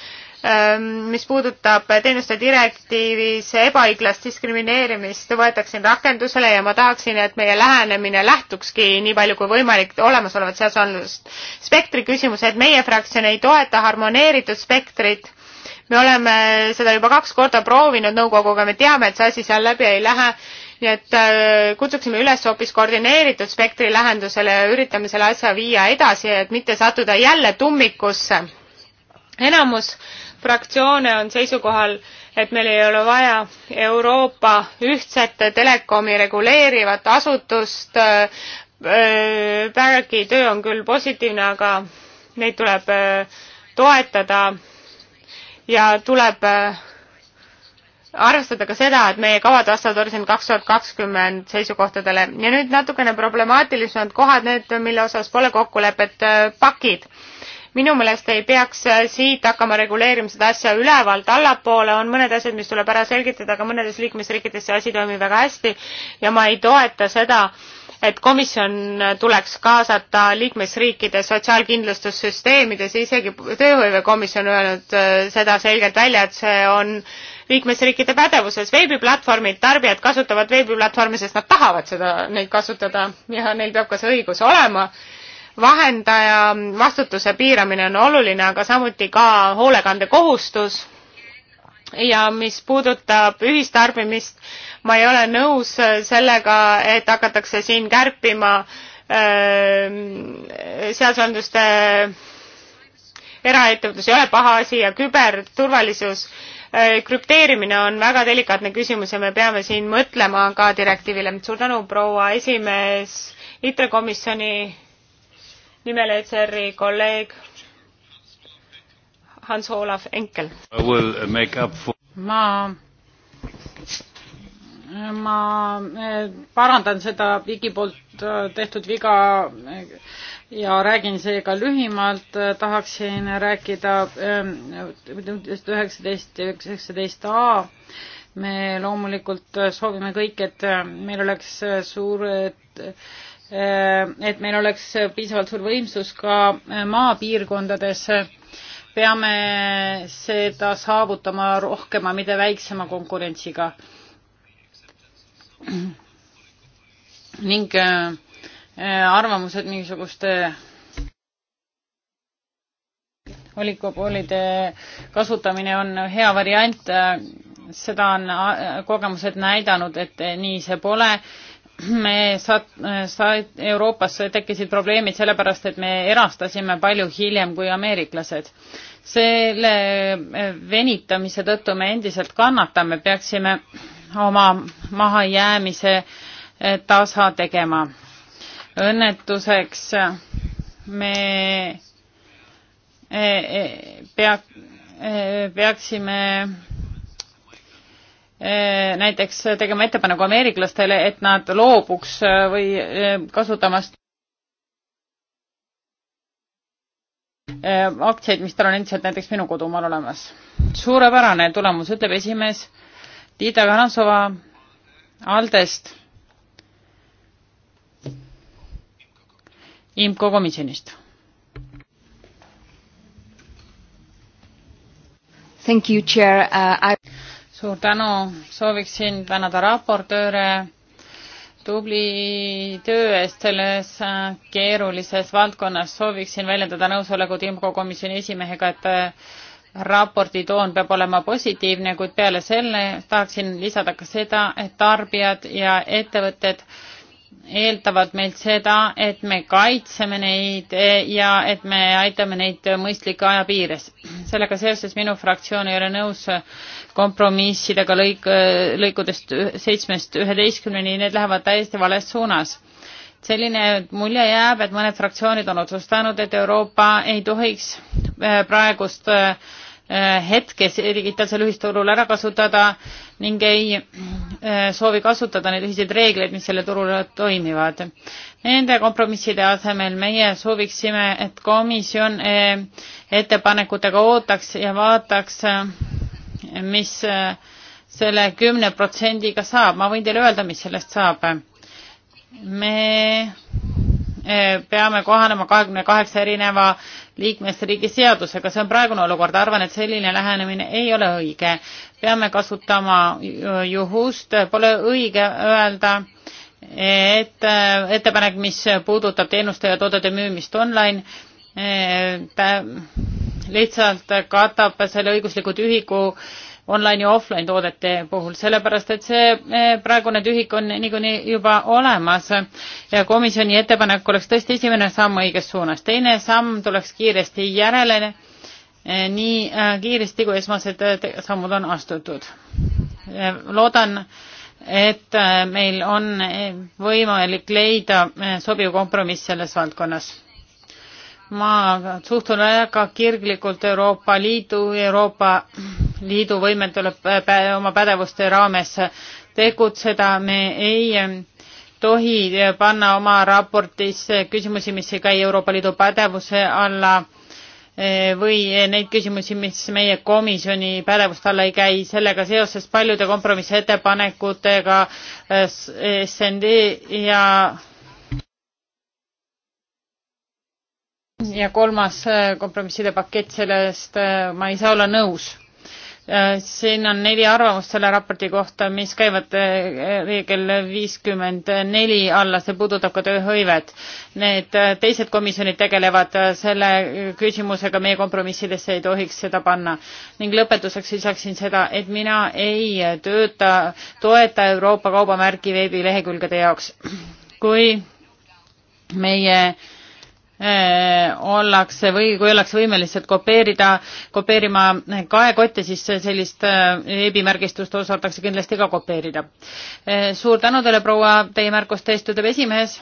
Ehm, mis puudutab teenuste direktiivis ebaõiglast diskrimineerimist, võetakse rakendusele ja ma tahaksin, et meie lähenemine lähtukski nii palju kui võimalik olemasolevat seadusandlust. spektri küsimus, et meie fraktsioon ei toeta harmoneeritud spektrit. me oleme seda juba kaks korda proovinud nõukoguga, me teame, et see asi seal läbi ei lähe nii et äh, kutsuksime üles hoopis koordineeritud spektri lahendusele ja üritame selle asja viia edasi, et mitte sattuda jälle tummikusse. enamus äh, fraktsioone on seisukohal, et meil ei ole vaja Euroopa ühtset telekomi reguleerivat asutust. Äh, äh, Bergi töö on küll positiivne, aga neid tuleb äh, toetada ja tuleb arvestada ka seda, et meie kavad vastavad Horisont kaks tuhat kakskümmend seisukohtadele ja nüüd natukene problemaatilisemad kohad, need, mille osas pole kokkulepet, pakid minu meelest ei peaks äh, siit hakkama reguleerima seda asja ülevalt allapoole, on mõned asjad, mis tuleb ära selgitada, aga mõnedes liikmesriikides see asi toimib väga hästi ja ma ei toeta seda, et komisjon tuleks kaasata liikmesriikide sotsiaalkindlustussüsteemides, isegi tööhõivekomisjon on öelnud äh, seda selgelt välja, et see on liikmesriikide pädevuses. veebiplatvormid, tarbijad kasutavad veebiplatvorme, sest nad tahavad seda, neid kasutada ja neil peab ka see õigus olema vahendaja vastutuse piiramine on oluline, aga samuti ka hoolekandekohustus. ja mis puudutab ühistarbimist, ma ei ole nõus sellega, et hakatakse siin kärpima äh, seadusandluste eraettevõtlus ei ole paha asi ja küberturvalisus äh,, krüpteerimine on väga delikaatne küsimus ja me peame siin mõtlema ka direktiivile. suur tänu, proua esimees, ITRE komisjoni nimel ECR-i kolleeg Hans Olav Enkel. For... ma, ma eh, parandan seda Vigi poolt eh, tehtud viga eh, ja räägin seega lühimalt, tahaksin rääkida üheksateist ja üheksateist A. me loomulikult soovime kõik, et meil oleks suured Äh, et meil oleks piisavalt suur võimsus ka äh, maapiirkondades. peame seda saavutama rohkema, mitte väiksema konkurentsiga. ning äh, arvamused mingisuguste volikoolide kasutamine on hea variant, seda on kogemused näidanud, et nii see pole me saat-, saat-, Euroopas tekkisid probleemid sellepärast, et me erastasime palju hiljem kui ameeriklased. selle eh, venitamise tõttu me endiselt kannatame, peaksime oma mahajäämise eh, tasa tegema. õnnetuseks eh, me pea-, peaksime Eh, näiteks tegema ettepaneku ameeriklastele, et nad loobuks eh, või eh, kasutamast aktsiaid, mis tal on endiselt näiteks minu kodumaal olemas. suurepärane tulemus, ütleb esimees Tiita Kanansova Aldest, IMCO komisjonist. Thank you, chair uh,. I suur tänu, sooviksin tänada raportööre tubli töö eest selles äh, keerulises valdkonnas. sooviksin väljendada nõusolekut IMCO komisjoni esimehega, et äh, raporti toon peab olema positiivne, kuid peale selle tahaksin lisada ka seda, et tarbijad ja ettevõtted eeldavad meilt seda, et me kaitseme neid eh, ja et me aitame neid mõistlike aja piires. sellega seoses minu fraktsioon ei ole nõus kompromissidega lõik, lõikudest seitsmest üheteistkümneni, need lähevad täiesti vales suunas. selline mulje jääb, et mõned fraktsioonid on otsustanud, et Euroopa ei tohiks eh, praegust äh, Äh, hetkes digitaalsel ühisturul ära kasutada ning ei äh, soovi kasutada neid ühiseid reegleid, mis selle turul toimivad. Nende kompromisside asemel meie sooviksime, et komisjon äh, ettepanekutega ootaks ja vaataks, mis selle kümne protsendiga saab, ma võin teile öelda, mis sellest saab. me peame kohanema kahekümne kaheksa erineva liikmesriigi seadusega, see on praegune olukord, arvan, et selline lähenemine ei ole õige. peame kasutama juhust, pole õige öelda, et äh, ettepanek, mis puudutab teenuste ja toodete müümist online, äh, ta lihtsalt katab selle õigusliku tühiku online ja offline toodete puhul, sellepärast et see eh, praegune tühik on niikuinii juba olemas ja komisjoni ettepanek oleks tõesti esimene samm õiges suunas. teine samm tuleks kiiresti järele, eh, nii eh, kiiresti, kui esmased sammud on astutud. loodan, et meil on võimalik leida sobiv kompromiss selles valdkonnas ma suhtun väga kirglikult Euroopa Liidu, Euroopa liidu võimel tuleb äh, oma pädevuste raames tegutseda, me ei äh, tohi äh, panna oma raportisse küsimusi, mis ei käi Euroopa Liidu pädevuse alla või neid küsimusi, mis meie komisjoni pädevuste alla ei käi, sellega seoses paljude kompromissettepanekutega SND ja ja kolmas kompromisside pakett, sellest ma ei saa olla nõus Äh, siin on neli arvamust selle raporti kohta, mis käivad äh, reegel viiskümmend neli alla, see puudutab ka tööhõivet. Need äh, teised komisjonid tegelevad selle küsimusega, meie kompromissidesse ei tohiks seda panna. ning lõpetuseks lisaksin seda, et mina ei tööta, toeta Euroopa kaubamärgi veebilehekülgede jaoks. kui meie äh, Eh, ollakse või kui ollakse võimelised kopeerida, kopeerima kaekotte, siis sellist veebimärgistust eh, osatakse kindlasti ka kopeerida. Eh, suur tänu teile, proua, teie märkuste eest, ütleb esimees.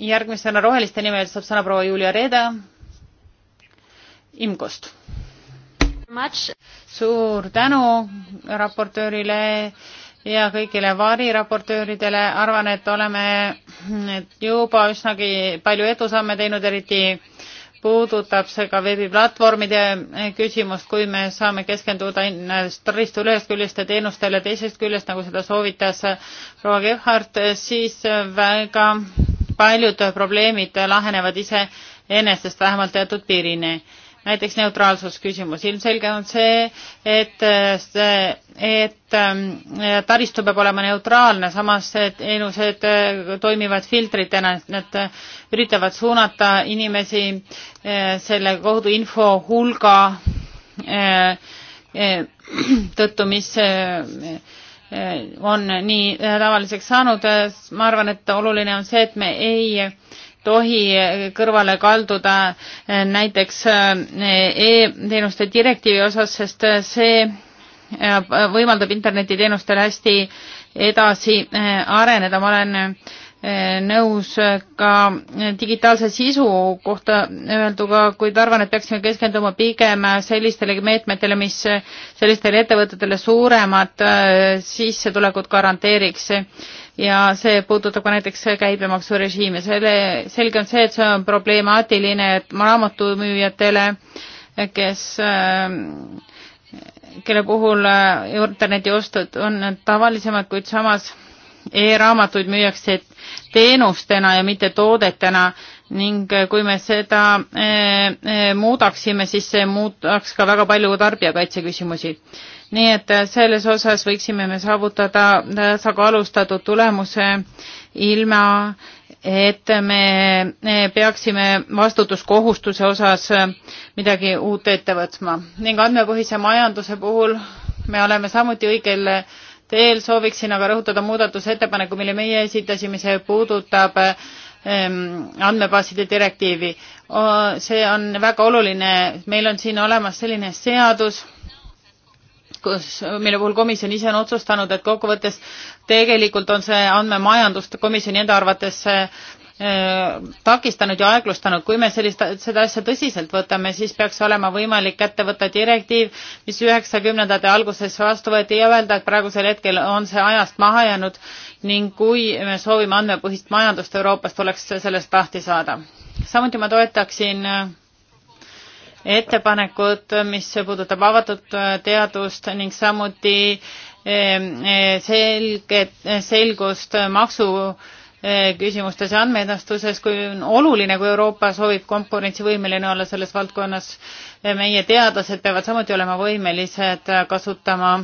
järgmisena Roheliste nimel saab sõna proua Julia Reede IMKO-st. suur tänu raportöörile ja kõigile variraportööridele. arvan, et oleme juba üsnagi palju edusamme teinud, eriti puudutab see ka veebiplatvormide küsimust, kui me saame keskenduda taristu ühest küljest ja teenustele teisest küljest, nagu seda soovitas proua Gebhardt, siis väga paljud probleemid lahenevad iseenesest vähemalt teatud piirini näiteks neutraalsusküsimus, ilmselge on see, et, et taristu peab olema neutraalne, samas teenused toimivad filtritena, et nad üritavad suunata inimesi eh, selle kohutu info hulga eh, eh, tõttu, mis on nii tavaliseks saanud, ma arvan, et oluline on see, et me ei tohi kõrvale kalduda eh, näiteks eh, e-teenuste direktiivi osas, sest eh, see võimaldab internetiteenustel hästi edasi areneda. ma olen Eh, nõus ka digitaalse sisu kohta öelduga, kuid arvan, et peaksime keskenduma pigem sellistele meetmetele, mis sellistele ettevõtetele suuremad eh, sissetulekud garanteeriks. ja see puudutab ka näiteks käibemaksurežiime. selle, selge on see, et see on problemaatiline raamatumüüjatele, kes eh, kelle puhul internetiostud on tavalisemad, kuid samas e-raamatuid müüakse teenustena ja mitte toodetena ning eh, kui me seda eh, eh, muudaksime, siis see muudaks ka väga palju tarbijakaitse küsimusi. nii et selles osas võiksime me saavutada tasakaalustatud tulemuse ilma, et me peaksime vastutuskohustuse osas midagi uut ette võtma ning andmepõhise majanduse puhul me oleme samuti õigel teel, sooviksin aga rõhutada muudatusettepaneku, mille meie esitasime, see puudutab ehm, andmebaaside direktiivi. see on väga oluline, meil on siin olemas selline seadus, kus, mille puhul komisjon ise on otsustanud, et kokkuvõttes tegelikult on see andmemajandust komisjoni enda arvates Äh, takistanud ja aeglustanud. kui me sellist, seda asja tõsiselt võtame, siis peaks olema võimalik kätte võtta direktiiv, mis üheksakümnendate alguses vastu võeti ja öelda, et praegusel hetkel on see ajast maha jäänud ning kui me soovime andmepõhist majandust Euroopas, tuleks sellest lahti saada. samuti ma toetaksin äh, ettepanekut, mis puudutab avatud äh, teadust ning samuti selget, selgust maksu Eh, küsimustes ja andmeedastuses, kui on oluline, kui Euroopa soovib konkurentsivõimeline olla selles valdkonnas. Eh, meie teadlased peavad samuti olema võimelised kasutama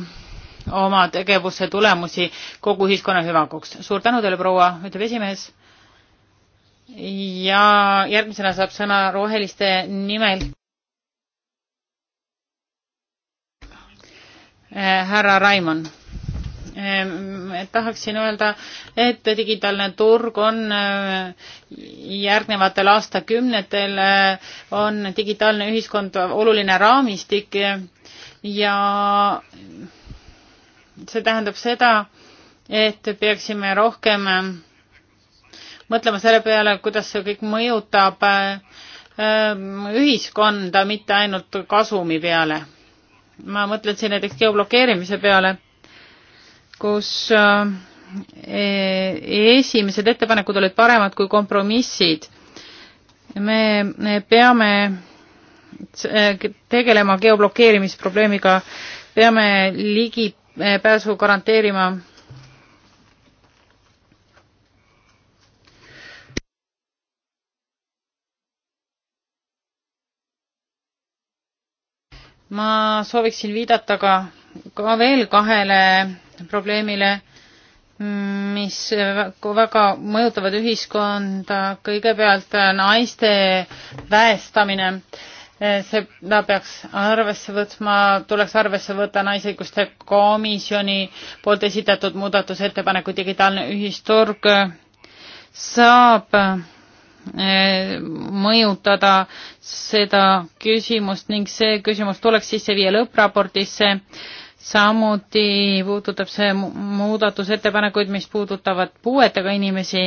oma tegevuse tulemusi kogu ühiskonna hüvanguks. suur tänu teile, proua, ütleb esimees. ja järgmisena saab sõna roheliste nimel. Eh, härra Raimond Ehm, tahaksin öelda, et digitaalne turg on ehm, järgnevatel aastakümnetel, ehm, on digitaalne ühiskond oluline raamistik ja see tähendab seda, et peaksime rohkem mõtlema selle peale, kuidas see kõik mõjutab ühiskonda, mitte ainult kasumi peale. ma mõtlen siin näiteks geoblokeerimise peale kus äh, e-, esimesed ettepanekud olid paremad kui kompromissid. me peame äh, tegelema geoblokeerimisprobleemiga, peame ligipääsu äh, garanteerima ma sooviksin viidata ka, ka veel kahele probleemile, mis väga mõjutavad ühiskonda, kõigepealt naiste väestamine, seda peaks arvesse võtma, tuleks arvesse võtta Naisõiguste Komisjoni poolt esitatud muudatusettepaneku digitaalne ühisturg saab eh, mõjutada seda küsimust ning see küsimus tuleks sisse viia lõppraportisse samuti puudutab see muudatusettepanekuid, mis puudutavad puuetega inimesi.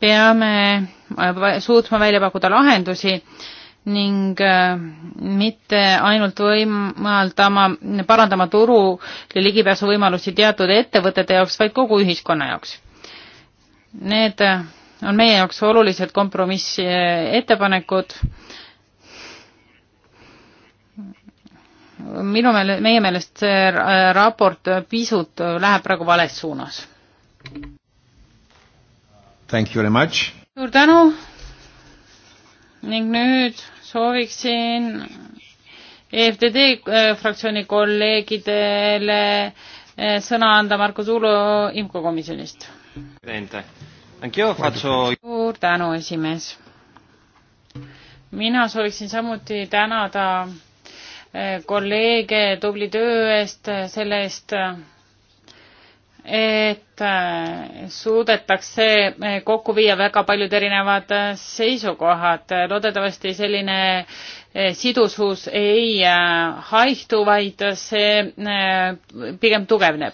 peame äh, suutma välja pakkuda lahendusi ning äh, mitte ainult võimaldama, parandama turule ligipääsuvõimalusi teatud ettevõtete jaoks, vaid kogu ühiskonna jaoks. Need äh, on meie jaoks olulised kompromissettepanekud minu meele-, meie meelest see äh, raport pisut äh, läheb praegu vales suunas. Thank you very much. suur tänu ning nüüd sooviksin EFTD äh, fraktsiooni kolleegidele sõna anda Marko Tuulo IMCO komisjonist. suur tänu, esimees. mina sooviksin samuti tänada ta kolleege tubli töö eest, selle eest, et äh, suudetakse äh, kokku viia väga paljud erinevad äh, seisukohad. loodetavasti selline sidusus ei haihtu, vaid see pigem tugevneb.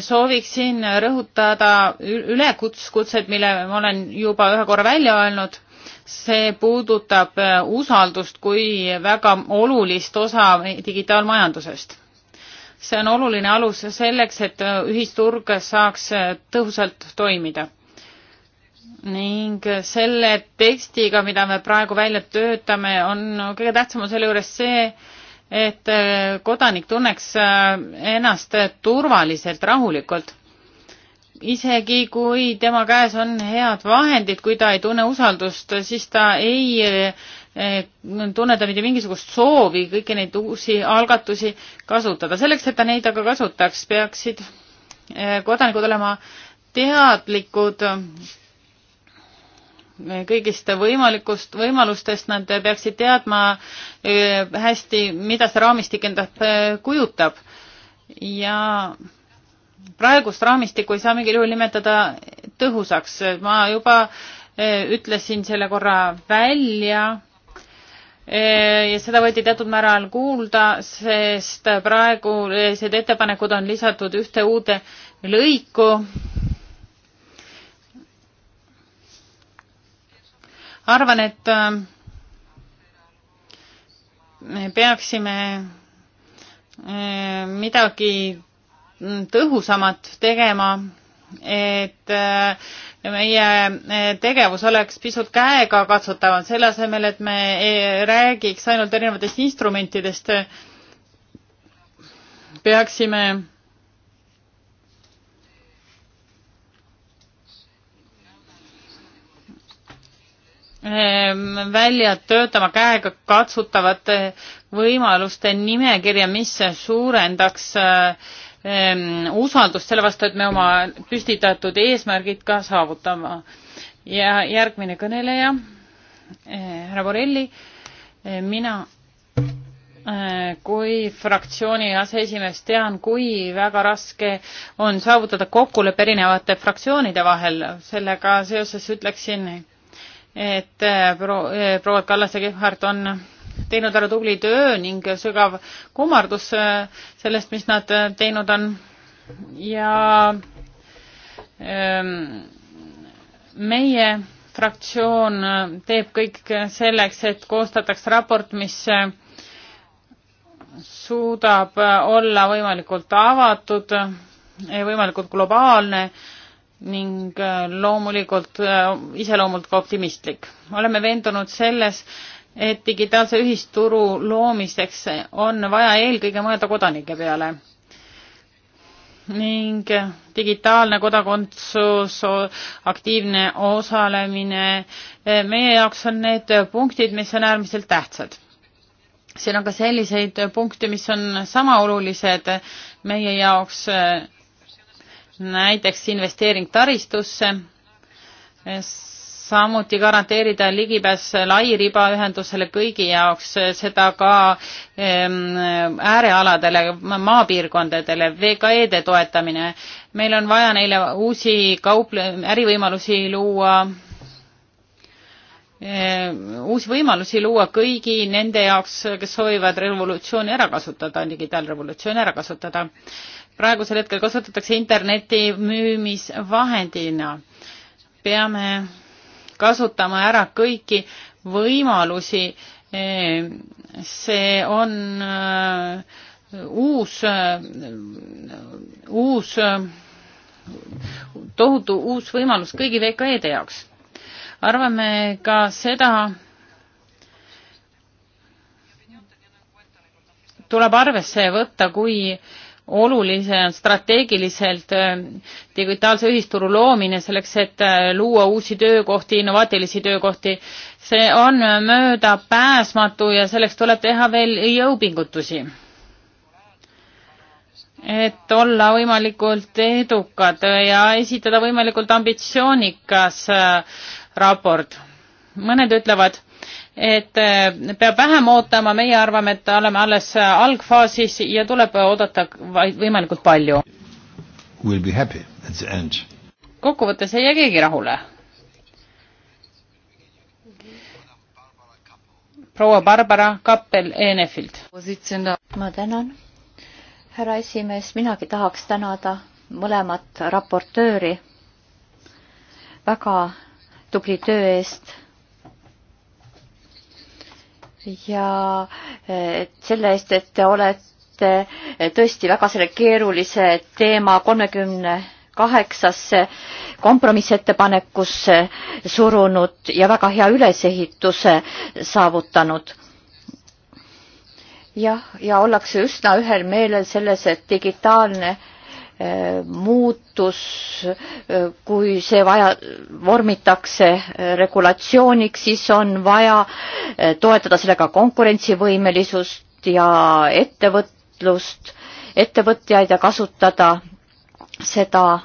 sooviksin rõhutada ülekutskutset, mille ma olen juba ühe korra välja öelnud see puudutab äh, usaldust kui väga olulist osa digitaalmajandusest. see on oluline alus selleks, et äh, ühisturg saaks äh, tõhusalt toimida. ning selle tekstiga, mida me praegu välja töötame, on kõige tähtsam on selle juures see, et kodanik tunneks ennast turvaliselt, rahulikult isegi kui tema käes on head vahendid, kui ta ei tunne usaldust, siis ta ei eh, tunneta mitte mingisugust soovi kõiki neid uusi algatusi kasutada. selleks, et ta neid aga kasutaks, peaksid eh, kodanikud olema teadlikud eh, kõigist võimalikust, võimalustest, nad peaksid teadma hästi, mida see raamistik endast kujutab ja praegust raamistikku ei saa mingil juhul nimetada tõhusaks, ma juba e, ütlesin selle korra välja e, ja seda võeti teatud määral kuulda, sest praegused e, ettepanekud on lisatud ühte uude lõiku. arvan, et me peaksime midagi Mm, tõhusamad tegema, et äh, meie äh, tegevus oleks pisut käegakatsutavam, selle asemel, et me äh, räägiks ainult erinevatest instrumentidest, peaksime ehm, välja töötama käega katsutavate võimaluste nimekirja, mis suurendaks äh, Ehm, usaldust selle vastu, et me oma püstitatud eesmärgid ka saavutame. ja järgmine kõneleja, eh, härra Borrelli, eh, mina eh, kui fraktsiooni aseesimees tean, kui väga raske on saavutada kokkulepe erinevate fraktsioonide vahel, sellega seoses ütleksin, et proua pro, Kallas ja Kevhart on teinud ära tubli töö ning sügav kummardus äh, sellest, mis nad äh, teinud on. ja ähm, meie fraktsioon äh, teeb kõik selleks, et koostataks raport, mis suudab olla võimalikult avatud, võimalikult globaalne ning loomulikult iseloomult ka optimistlik. oleme veendunud selles, et digitaalse ühisturu loomiseks on vaja eelkõige mõelda kodanike peale ning digitaalne kodakondsus, aktiivne osalemine, e, meie jaoks on need punktid, mis on äärmiselt tähtsad. siin on ka selliseid punkte, mis on sama olulised meie jaoks, e, näiteks investeering taristusse, samuti garanteerida ligipääs lairibaühendusele kõigi jaoks, seda ka ehm, äärealadele, maapiirkondadele, VKE-de toetamine. meil on vaja neile uusi kauple-, ärivõimalusi luua, ehm, uusi võimalusi luua kõigi nende jaoks, kes soovivad revolutsiooni ära kasutada, digitaalrevolutsiooni ära kasutada. praegusel hetkel kasutatakse interneti müümisvahendina. peame kasutama ära kõiki võimalusi. see on äh, uus, äh, uus, tohutu uus võimalus kõigi VKE-de jaoks. arvame ka seda, tuleb arvesse võtta, kui olulise on strateegiliselt äh, digitaalse ühisturu loomine selleks, et äh, luua uusi töökohti, innovaatilisi töökohti. see on möödapääsmatu ja selleks tuleb teha veel jõupingutusi. et olla võimalikult edukad ja esitada võimalikult ambitsioonikas äh, raport. mõned ütlevad et eh, peab vähem ootama, meie arvame, et oleme alles algfaasis ja tuleb oodata vaid võimalikult palju. kokkuvõttes ei jää keegi rahule. proua Barbara Kappel ENF-ilt. ma tänan, härra esimees, minagi tahaks tänada mõlemat raportööri väga tubli töö eest ja et selle eest, et te olete tõesti väga selle keerulise teema kolmekümne kaheksasse kompromissettepanekusse surunud ja väga hea ülesehituse saavutanud jah, ja ollakse üsna ühel meelel selles, et digitaalne äh, muutus, kui see vaja, vormitakse regulatsiooniks, siis on vaja toetada sellega konkurentsivõimelisust ja ettevõtlust, ettevõtjaid ja kasutada seda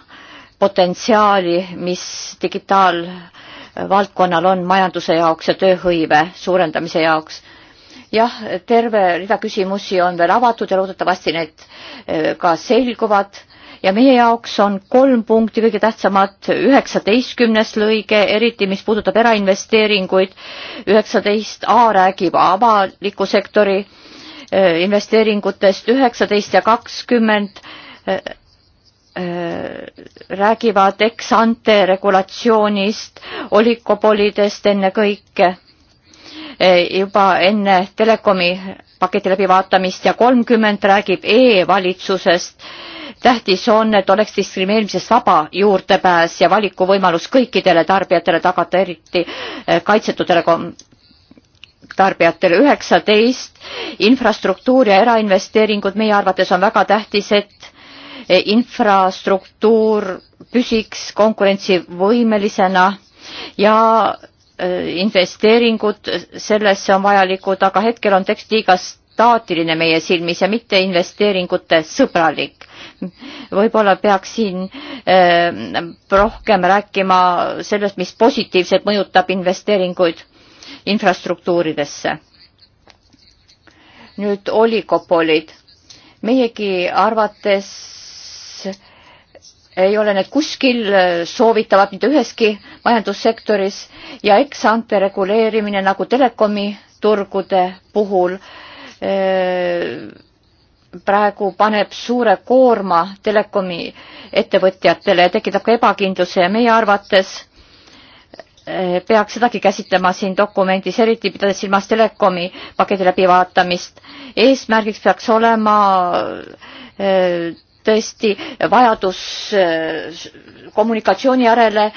potentsiaali, mis digitaalvaldkonnal on majanduse jaoks ja tööhõive suurendamise jaoks jah, terve rida küsimusi on veel avatud ja loodetavasti need äh, ka selguvad ja meie jaoks on kolm punkti kõige tähtsamad, üheksateistkümnes lõige, eriti mis puudutab erainvesteeringuid, üheksateist A räägib avaliku sektori eh, investeeringutest, üheksateist ja kakskümmend eh, eh, räägivad ex-ante regulatsioonist, oligopolidest ennekõike Eh, juba enne telekomi paketi läbivaatamist ja kolmkümmend räägib e-valitsusest. tähtis on, et oleks diskrimineerimisest vaba juurdepääs ja valikuvõimalus kõikidele tarbijatele tagada, eriti eh, kaitsetutele tarbijatele. üheksateist, infrastruktuur ja erainvesteeringud meie arvates on väga tähtis, et eh, infrastruktuur püsiks konkurentsivõimelisena ja Äh, investeeringud sellesse on vajalikud, aga hetkel on tekst liiga staatiline meie silmis ja mitte investeeringute sõbralik. võib-olla peaks siin äh, rohkem rääkima sellest, mis positiivselt mõjutab investeeringuid infrastruktuuridesse. nüüd oligopolid. meiegi arvates ei ole need kuskil äh, soovitavad mitte üheski majandussektoris ja eksante reguleerimine nagu telekomi turgude puhul äh, praegu paneb suure koorma telekomi ettevõtjatele ja tekitab ka ebakindluse ja meie arvates äh, peaks sedagi käsitlema siin dokumendis, eriti pidades silmas telekomi paketi läbivaatamist. eesmärgiks peaks olema tõesti vajadus eh, kommunikatsiooni järele,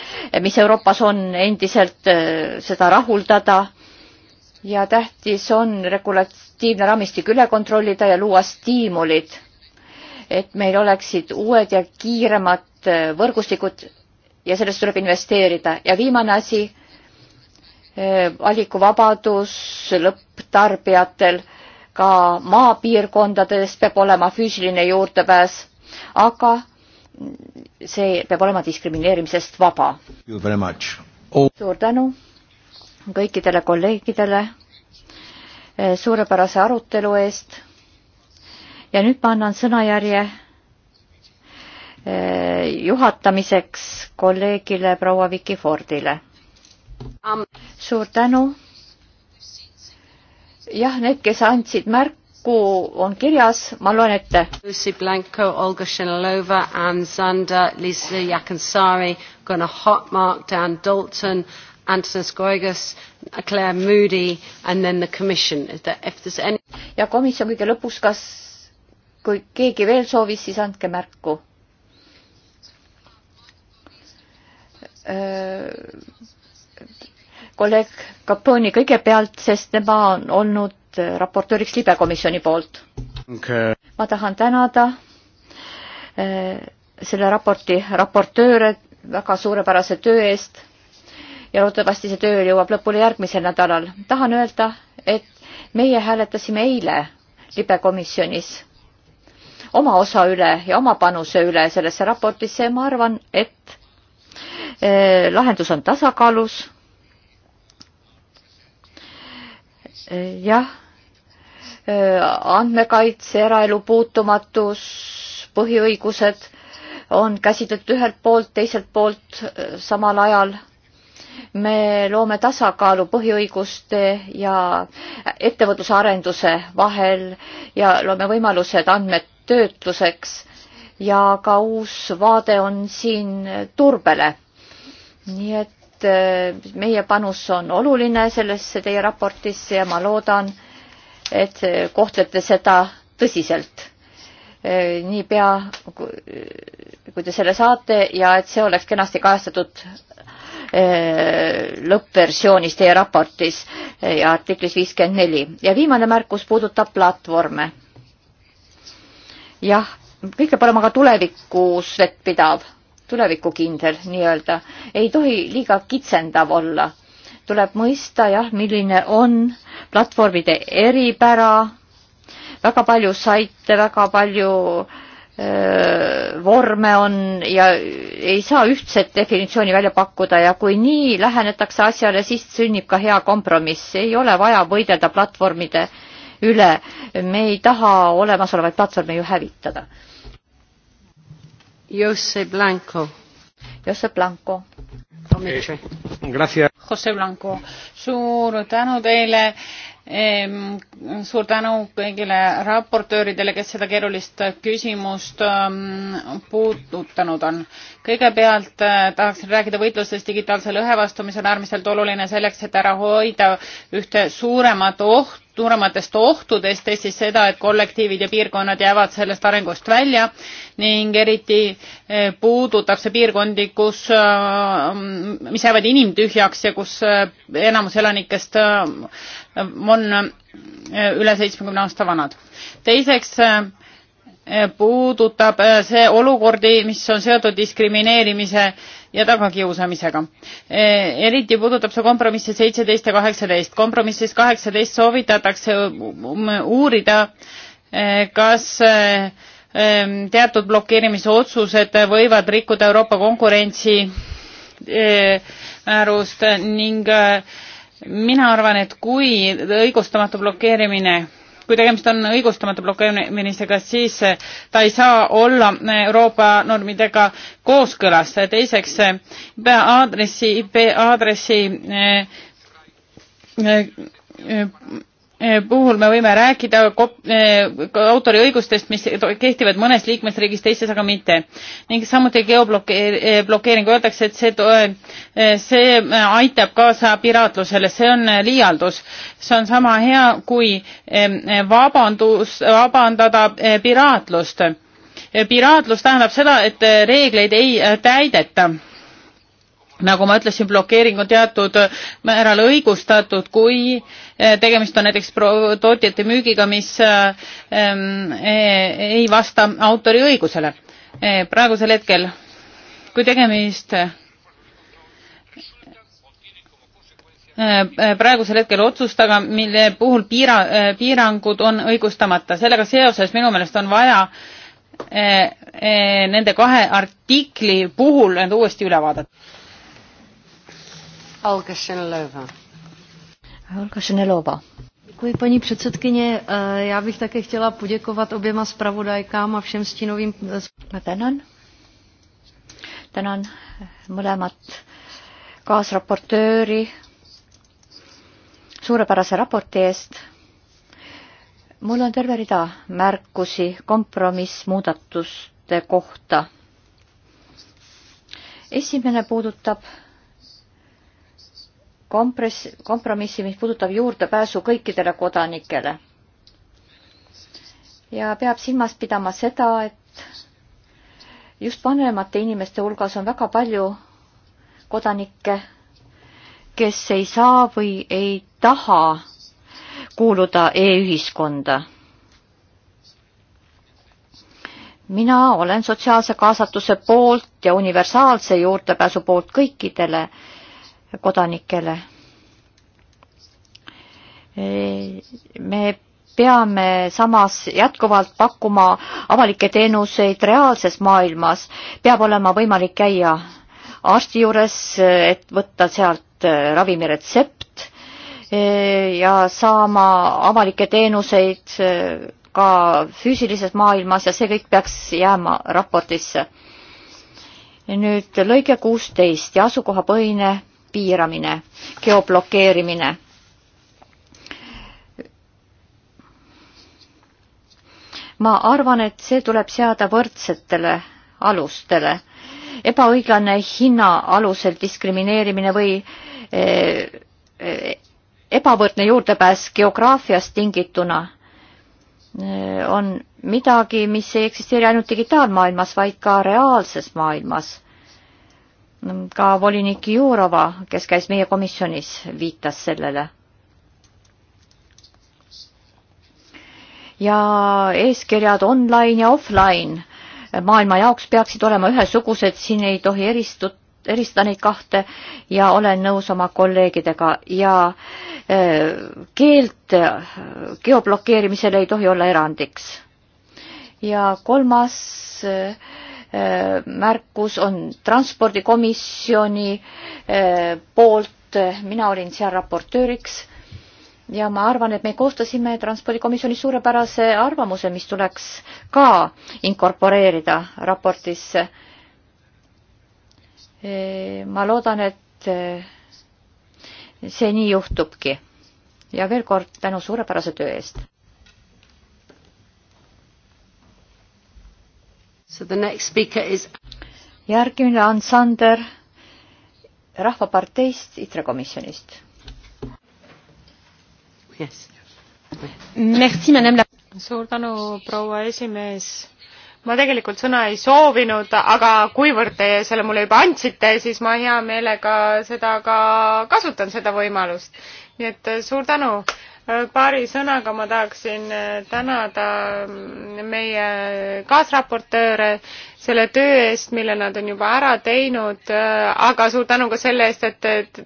mis Euroopas on endiselt, eh, seda rahuldada. ja tähtis on regulatiivne raamistik üle kontrollida ja luua stiimulid, et meil oleksid uued ja kiiremad eh, võrgustikud ja sellest tuleb investeerida ja viimane asi, valikuvabadus lõpptarbijatel ka maapiirkondades peab olema füüsiline juurdepääs aga see peab olema diskrimineerimisest vaba. Oh. suur tänu kõikidele kolleegidele eh, suurepärase arutelu eest. ja nüüd ma annan sõnajärje eh, juhatamiseks kolleegile proua Vicky Fordile um.. suur tänu. jah, need, kes andsid märku, kokku on kirjas, ma loen ette. Lucy Blanco, Olga Shenilova, Ann Zander, Lisa Yakansari, Gunnar Hotmark, Dan Dalton, Antonis Goigas, Claire Moody and then the commission. If there's any... ja komisjon kõige lõpus, kas, kui keegi veel soovis, siis andke märku. Äh, kolleeg Caponi kõigepealt, sest tema on olnud Äh, raportööriks libekomisjoni poolt okay.. ma tahan tänada äh, selle raporti raportööre väga suurepärase töö eest ja loodetavasti see töö jõuab lõpule järgmisel nädalal. tahan öelda, et meie hääletasime eile libekomisjonis oma osa üle ja oma panuse üle sellesse raportisse ja ma arvan, et äh, lahendus on tasakaalus. jah andmekaitse, eraelu puutumatus, põhiõigused on käsitletud ühelt poolt, teiselt poolt äh, samal ajal. me loome tasakaalu põhiõiguste ja ettevõtluse arenduse vahel ja loome võimalused andmetöötluseks ja ka uus vaade on siin turbele. nii et äh, meie panus on oluline sellesse teie raportisse ja ma loodan, et kohtlete seda tõsiselt äh, niipea, kui te selle saate ja et see oleks kenasti kajastatud äh, lõppversioonis teie raportis äh, ja artiklis viiskümmend neli. ja viimane märkus puudutab platvorme. jah, kõik peab olema ka tulevikus vettpidav, tulevikukindel nii-öelda. ei tohi liiga kitsendav olla tuleb mõista jah, milline on platvormide eripära. väga palju saite, väga palju öö, vorme on ja ei saa ühtset definitsiooni välja pakkuda ja kui nii lähenetakse asjale, siis sünnib ka hea kompromiss, ei ole vaja võidelda platvormide üle. me ei taha olemasolevaid platvorme ju hävitada. Jose Blanco Josep Blanco. Eh, Jose Blanco, suur tänu teile suur tänu kõigile raportööridele, kes seda keerulist küsimust puudutanud on. kõigepealt eh, tahaksin rääkida võitlusest digitaalse lõhe vastu, mis on äärmiselt oluline selleks, et ära hoida ühte suuremat ohtu, suurematest ohtudest, ehk siis seda, et kollektiivid ja piirkonnad jäävad sellest arengust välja ning eriti eh, puudutab see piirkondi, kus, eh, mis jäävad inimtühjaks ja kus eh, enamus elanikest on üle seitsmekümne aasta vanad. teiseks puudutab äh, see olukordi, mis on seotud diskrimineerimise ja tagakiusamisega. Äh, eriti puudutab see kompromisse seitseteist ja kaheksateist. kompromissis kaheksateist soovitatakse um, um, uurida, äh, kas ähm, teatud blokeerimisotsused võivad rikkuda Euroopa konkurentsi määrust ning mina arvan, et kui õigustamatu blokeerimine kui tegemist on õigustamatu blokeerimisega, siis eh, ta ei saa olla eh, Euroopa normidega kooskõlas. teiseks eh, IP aadressi, IP aadressi Äh, puhul me võime rääkida äh, autoriõigustest, mis kehtivad mõnes liikmesriigis, teistes aga mitte. ning samuti geoblokeering, äh, öeldakse, et see, see aitab kaasa piraatlusele, see on liialdus. see on sama hea kui ähm, vabandus, vabandada piraatlust. piraatlus tähendab seda, et reegleid ei täideta nagu ma ütlesin, blokeering on teatud määral õigustatud, kui äh, Eh, tegemist on näiteks tootjate müügiga, mis eh, eh, ei vasta autoriõigusele. praegusel hetkel, kui tegemist praegusel hetkel otsustaga, mille puhul piira, piirangud on õigustamata. sellega seoses minu meelest on vaja nende kahe artikli puhul need uuesti üle vaadata. Olga Šenlova Holka Šenelova. Děkuji, paní předsedkyně. Eh, já bych také chtěla poděkovat oběma zpravodajkám a všem stínovým. Ma tänan. Tänan mõlemat kaasraportööri suurepärase raporti eest. mul on terve rida märkusi kompromissmuudatuste kohta. esimene puudutab kompress-, kompromissi, mis puudutab juurdepääsu kõikidele kodanikele. ja peab silmas pidama seda, et just vanemate inimeste hulgas on väga palju kodanikke, kes ei saa või ei taha kuuluda e-ühiskonda. mina olen sotsiaalse kaasatuse poolt ja universaalse juurdepääsu poolt kõikidele äh, kodanikele. me peame samas jätkuvalt pakkuma avalikke teenuseid reaalses maailmas, peab olema võimalik käia arsti juures, et võtta sealt ravimiretsept e, ja saama avalikke teenuseid e, ka füüsilises maailmas ja see kõik peaks jääma raportisse. nüüd lõige kuusteist ja asukohapõhine piiramine, geoblokeerimine. ma arvan, et see tuleb seada võrdsetele alustele. ebaõiglane hinna alusel diskrimineerimine või eh, eh, ebavõrdne juurdepääs geograafiast tingituna eh, on midagi, mis ei eksisteeri ainult digitaalmaailmas, vaid ka reaalses maailmas ka volinik Jurova, kes käis meie komisjonis, viitas sellele. ja eeskirjad online ja offline maailma jaoks peaksid olema ühesugused, siin ei tohi eristut-, eristada neid kahte ja olen nõus oma kolleegidega ja äh, keelt äh, geoblokeerimisel ei tohi olla erandiks. ja kolmas äh, Äh, märkus on transpordikomisjoni äh, poolt, mina olin seal raportööriks ja ma arvan, et me koostasime transpordikomisjonis suurepärase arvamuse, mis tuleks ka inkorporeerida raportisse. Äh, ma loodan, et see nii juhtubki ja veel kord tänu suurepärase töö eest. Is... järgmine on Sander Rahvaparteist, ITRE komisjonist yes.. La... suur tänu, proua esimees. ma tegelikult sõna ei soovinud, aga kuivõrd teie selle mulle juba andsite, siis ma hea meelega seda ka kasutan, seda võimalust. nii et suur tänu paari sõnaga ma tahaksin äh, tänada mm, meie kaasraportööre selle töö eest, mille nad on juba ära teinud, äh, aga suur tänu ka selle eest, et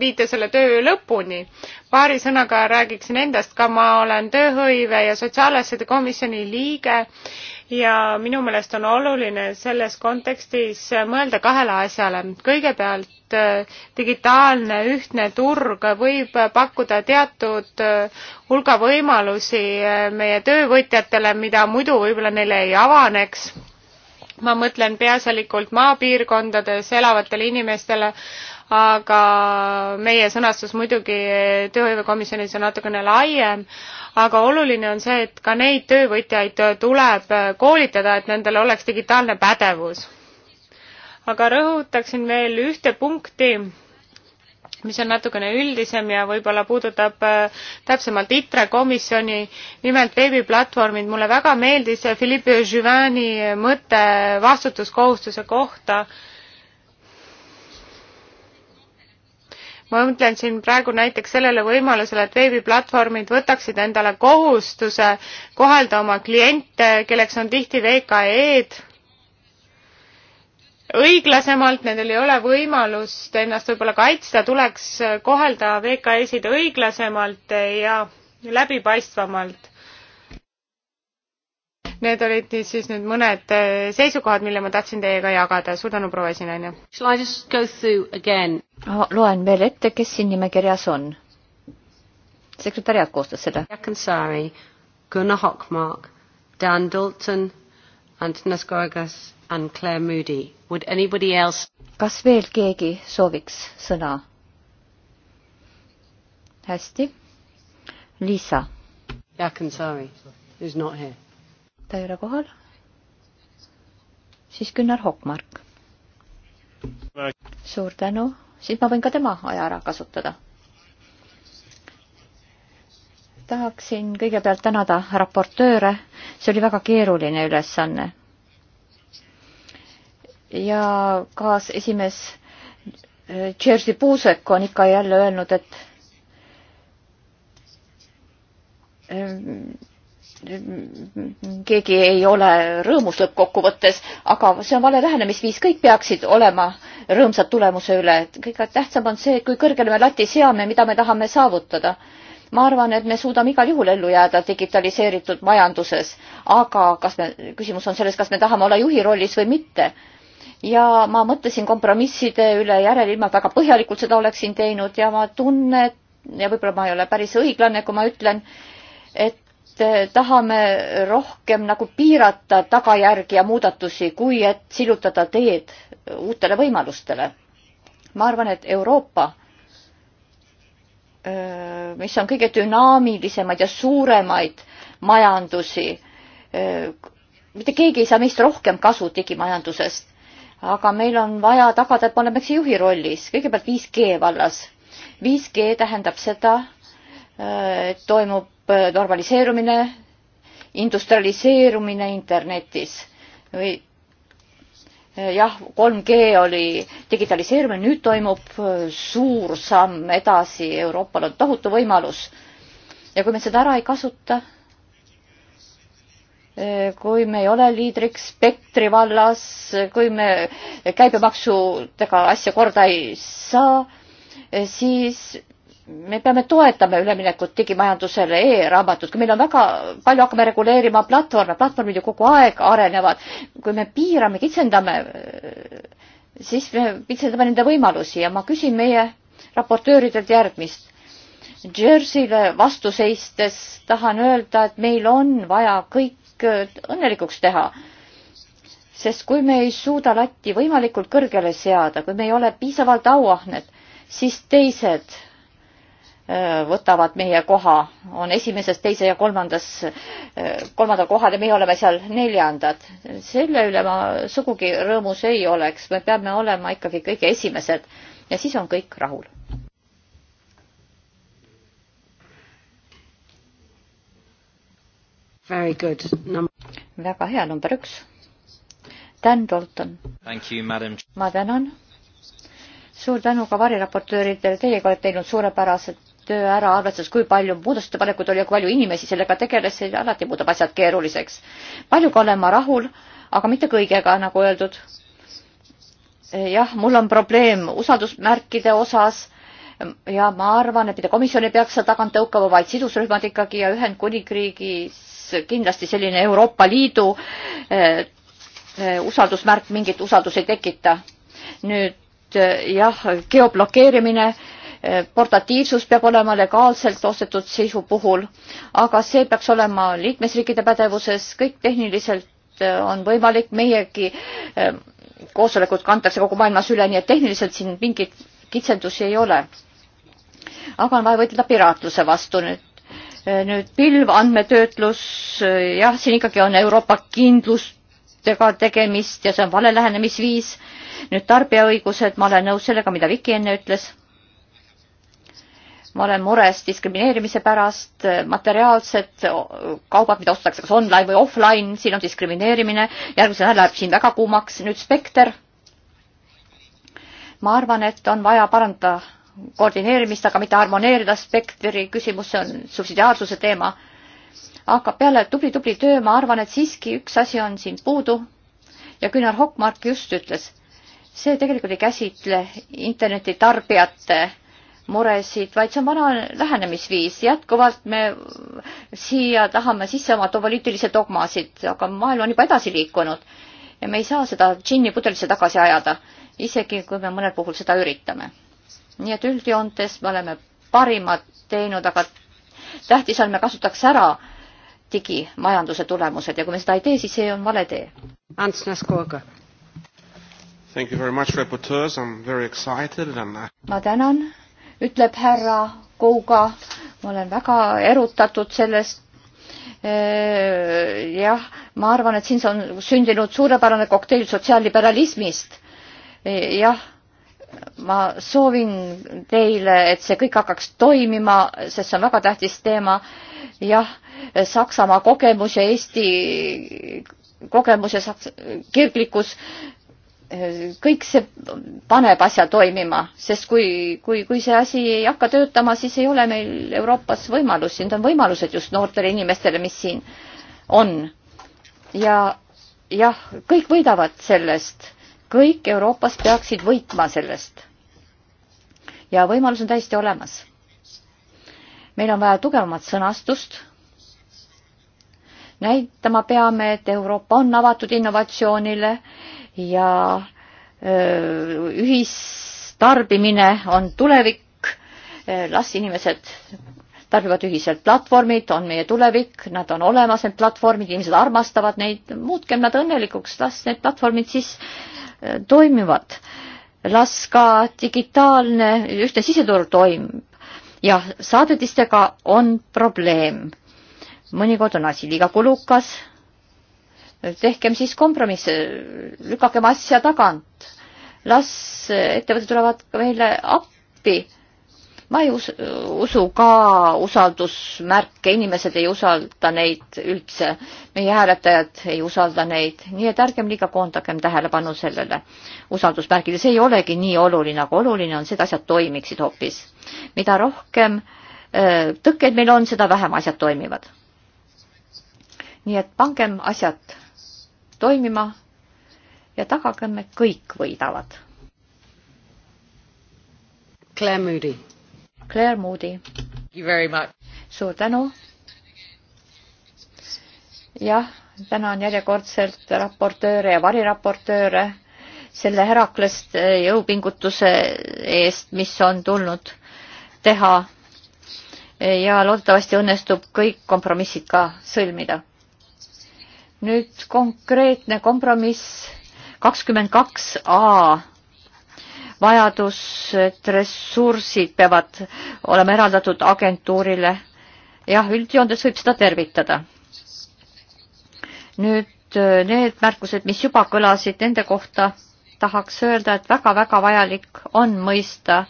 viite selle töö lõpuni. paari sõnaga räägiksin endast ka, ma olen tööhõive ja sotsiaalasjade komisjoni liige ja minu meelest on oluline selles kontekstis mõelda kahele asjale. kõigepealt et äh, digitaalne ühtne turg võib pakkuda teatud äh, hulga võimalusi äh, meie töövõtjatele, mida muidu võib-olla neile ei avaneks. ma mõtlen peaasjalikult maapiirkondades elavatele inimestele, aga meie sõnastus muidugi tööhõivekomisjonis on natukene laiem, aga oluline on see, et ka neid töövõtjaid tuleb koolitada, et nendel oleks digitaalne pädevus aga rõhutaksin veel ühte punkti, mis on natukene üldisem ja võib-olla puudutab äh, täpsemalt ITRE komisjoni, nimelt veebiplatvormid. mulle väga meeldis Philippe Juvani mõte vastutuskohustuse kohta ma mõtlen siin praegu näiteks sellele võimalusele, et veebiplatvormid võtaksid endale kohustuse kohelda oma kliente, kelleks on tihti VKE-d õiglasemalt, nendel ei ole võimalust ennast võib-olla kaitsta, tuleks kohelda VKS-id õiglasemalt ja läbipaistvamalt. Need olid siis nüüd mõned äh, seisukohad, mille ma tahtsin teiega jagada. suur tänu, proua esinaine. Ah, loen veel ette, kes siin nimekirjas on. sekretäriat koostas seda. Gunnar Hokmark, Dan Dalton, Antonas Gorgas and Claire Moody. Would anybody else? kas veel keegi sooviks sõna? hästi. Liisa. Jaakonsaari, who is not here. ta ei ole kohal. siis Gunnar Hokmark. suur tänu, siis ma võin ka tema aja ära kasutada. tahaksin kõigepealt tänada raportööre, see oli väga keeruline ülesanne ja kaasesimees äh, Jerzy Puusek on ikka jälle öelnud, et äh, keegi ei ole rõõmus lõppkokkuvõttes, aga see on vale lähenemisviis, kõik peaksid olema rõõmsad tulemuse üle, et kõige tähtsam on see, kui kõrgele me lati seame, mida me tahame saavutada ma arvan, et me suudame igal juhul ellu jääda digitaliseeritud majanduses, aga kas me, küsimus on selles, kas me tahame olla juhi rollis või mitte ja ma mõtlesin kompromisside üle järele, ilma väga põhjalikult seda oleksin teinud ja ma tunnen, ja võib-olla ma ei ole päris õiglane, kui ma ütlen, et eh, tahame rohkem nagu piirata tagajärgi ja muudatusi, kui et sillutada teed uutele võimalustele. ma arvan, et Euroopa, eh, mis on kõige dünaamilisemaid ja suuremaid majandusi, eh, mitte keegi ei saa meist rohkem kasu digimajandusest aga meil on vaja tagada, et me oleme juhi rollis, kõigepealt 5G vallas. 5G tähendab seda, et äh, toimub äh, normaliseerumine, industrialiseerumine internetis või äh, jah, 3G oli digitaliseerumine, nüüd toimub suur samm edasi, Euroopal on tohutu võimalus. ja kui me seda ära ei kasuta kui me ei ole liidriks spektri vallas, kui me käibemaksudega asja korda ei saa, siis me peame toetama üleminekut digimajandusele e, e-raamatut, kui meil on väga palju, hakkame reguleerima platvorme, platvormid ju kogu aeg arenevad, kui me piirame, kitsendame, siis me kitsendame nende võimalusi ja ma küsin meie raportööridelt järgmist. Jersey'le vastu seistes tahan öelda, et meil on vaja kõik Äh, õnnelikuks teha. sest kui me ei suuda latti võimalikult kõrgele seada, kui me ei ole piisavalt auahned, siis teised äh, võtavad meie koha, on esimeses, teise ja kolmandas, äh, kolmandal kohal ja meie oleme seal neljandad. selle üle ma sugugi rõõmus ei oleks, me peame olema ikkagi kõige esimesed ja siis on kõik rahul väga hea, number üks. Dan Dalton. ma tänan. suur tänu ka variraportööridele, teiega olete teinud suurepärase töö ära, arvestades kui palju muudatusettepanekuid oli ja kui palju inimesi sellega tegeles, see alati muudab asjad keeruliseks. paljuga olen ma rahul, aga mitte kõigega, nagu öeldud. jah, mul on probleem usaldusmärkide osas ja ma arvan, et mitte komisjon ei peaks seal tagant tõukama, vaid sidusrühmad ikkagi ja Ühendkuningriigis oleks kindlasti selline Euroopa Liidu eh, eh, usaldusmärk mingit usaldust ei tekita. nüüd eh, jah, geoblokeerimine, portatiivsus peab olema legaalselt ostetud sisu puhul, aga see peaks olema liikmesriikide pädevuses, kõik tehniliselt on võimalik, meiegi koosolekud kantakse kogu maailmas üle, nii et tehniliselt siin mingeid kitsendusi ei ole. aga on vaja võidelda piraatluse vastu nüüd Eh, nüüd pilvandmetöötlus, eh, jah, siin ikkagi on Euroopa kindlustega tegemist ja see on vale lähenemisviis. nüüd tarbijaõigused, ma olen nõus sellega, mida Viki enne ütles. ma olen mures diskrimineerimise pärast, eh, materiaalsed kaubad, mida ostetakse kas online või offline, siin on diskrimineerimine, järgmisel ajal läheb siin väga kuumaks, nüüd spekter. ma arvan, et on vaja parandada koordineerimist, aga mitte harmoneerida spektri küsimus, see on subsidiaarsuse teema. aga peale tubli-tubli töö ma arvan, et siiski üks asi on siin puudu ja Gunnar Hockmark just ütles, see tegelikult ei käsitle internetitarbijate muresid, vaid see on vana lähenemisviis, jätkuvalt me siia tahame sisse oma poliitilisi dogmasid, aga maailm on juba edasi liikunud ja me ei saa seda džinni pudelisse tagasi ajada, isegi kui me mõnel puhul seda üritame nii et üldjoontes me oleme parimad teinud, aga tähtis on, me kasutaks ära digimajanduse tulemused ja kui me seda ei tee, siis see on vale tee. Ants Naskoga. Thank you very much, raportöör, I am very excited and uh, ma tänan, ütleb härra Kouga, ma olen väga erutatud sellest. Äh, jah, ma arvan, et siin on sündinud suurepärane kokteil sotsiaalliberalismist. Äh, jah ma soovin teile, et see kõik hakkaks toimima, sest see on väga tähtis teema. jah, Saksamaa kogemus ja Eesti kogemus ja Saks-, kirglikkus, kõik see paneb asja toimima, sest kui, kui, kui see asi ei hakka töötama, siis ei ole meil Euroopas võimalusi, need on võimalused just noortele inimestele, mis siin on. ja jah, kõik võidavad sellest kõik Euroopas peaksid võitma sellest. ja võimalus on täiesti olemas. meil on vaja tugevamat sõnastust. näitama peame, et Euroopa on avatud innovatsioonile ja öö, ühistarbimine on tulevik, las inimesed tarbivad ühiselt, platvormid on meie tulevik, nad on olemas, need platvormid, inimesed armastavad neid, muutkem nad õnnelikuks, las need platvormid siis äh, Äh, toimivad. las ka digitaalne ühtne siseturg toimib. jah, saadetistega on probleem. mõnikord on asi liiga kulukas. tehkem siis kompromisse, lükakem asja tagant. las ettevõtted tulevad meile appi ma ei usu, usu ka usaldusmärke, inimesed ei usalda neid üldse, meie hääletajad ei usalda neid, nii et ärgem liiga koondagem tähelepanu sellele usaldusmärgile, see ei olegi nii oluline, aga oluline on see, et asjad toimiksid hoopis. mida rohkem öö, äh, tõkkeid meil on, seda vähem asjad toimivad. nii et pangem asjad toimima ja tagagem, et kõik võidavad. Claire Moody Claire Moody. suur tänu. jah, tänan järjekordselt raportööre ja variraportööre selle Heraklest jõupingutuse eest, mis on tulnud teha. ja loodetavasti õnnestub kõik kompromissid ka sõlmida. nüüd konkreetne kompromiss kakskümmend kaks A vajadus, et ressursid peavad olema eraldatud agentuurile. jah, üldjoontes võib seda tervitada. nüüd äh, need märkused, mis juba kõlasid, nende kohta tahaks öelda, et väga-väga vajalik on mõista,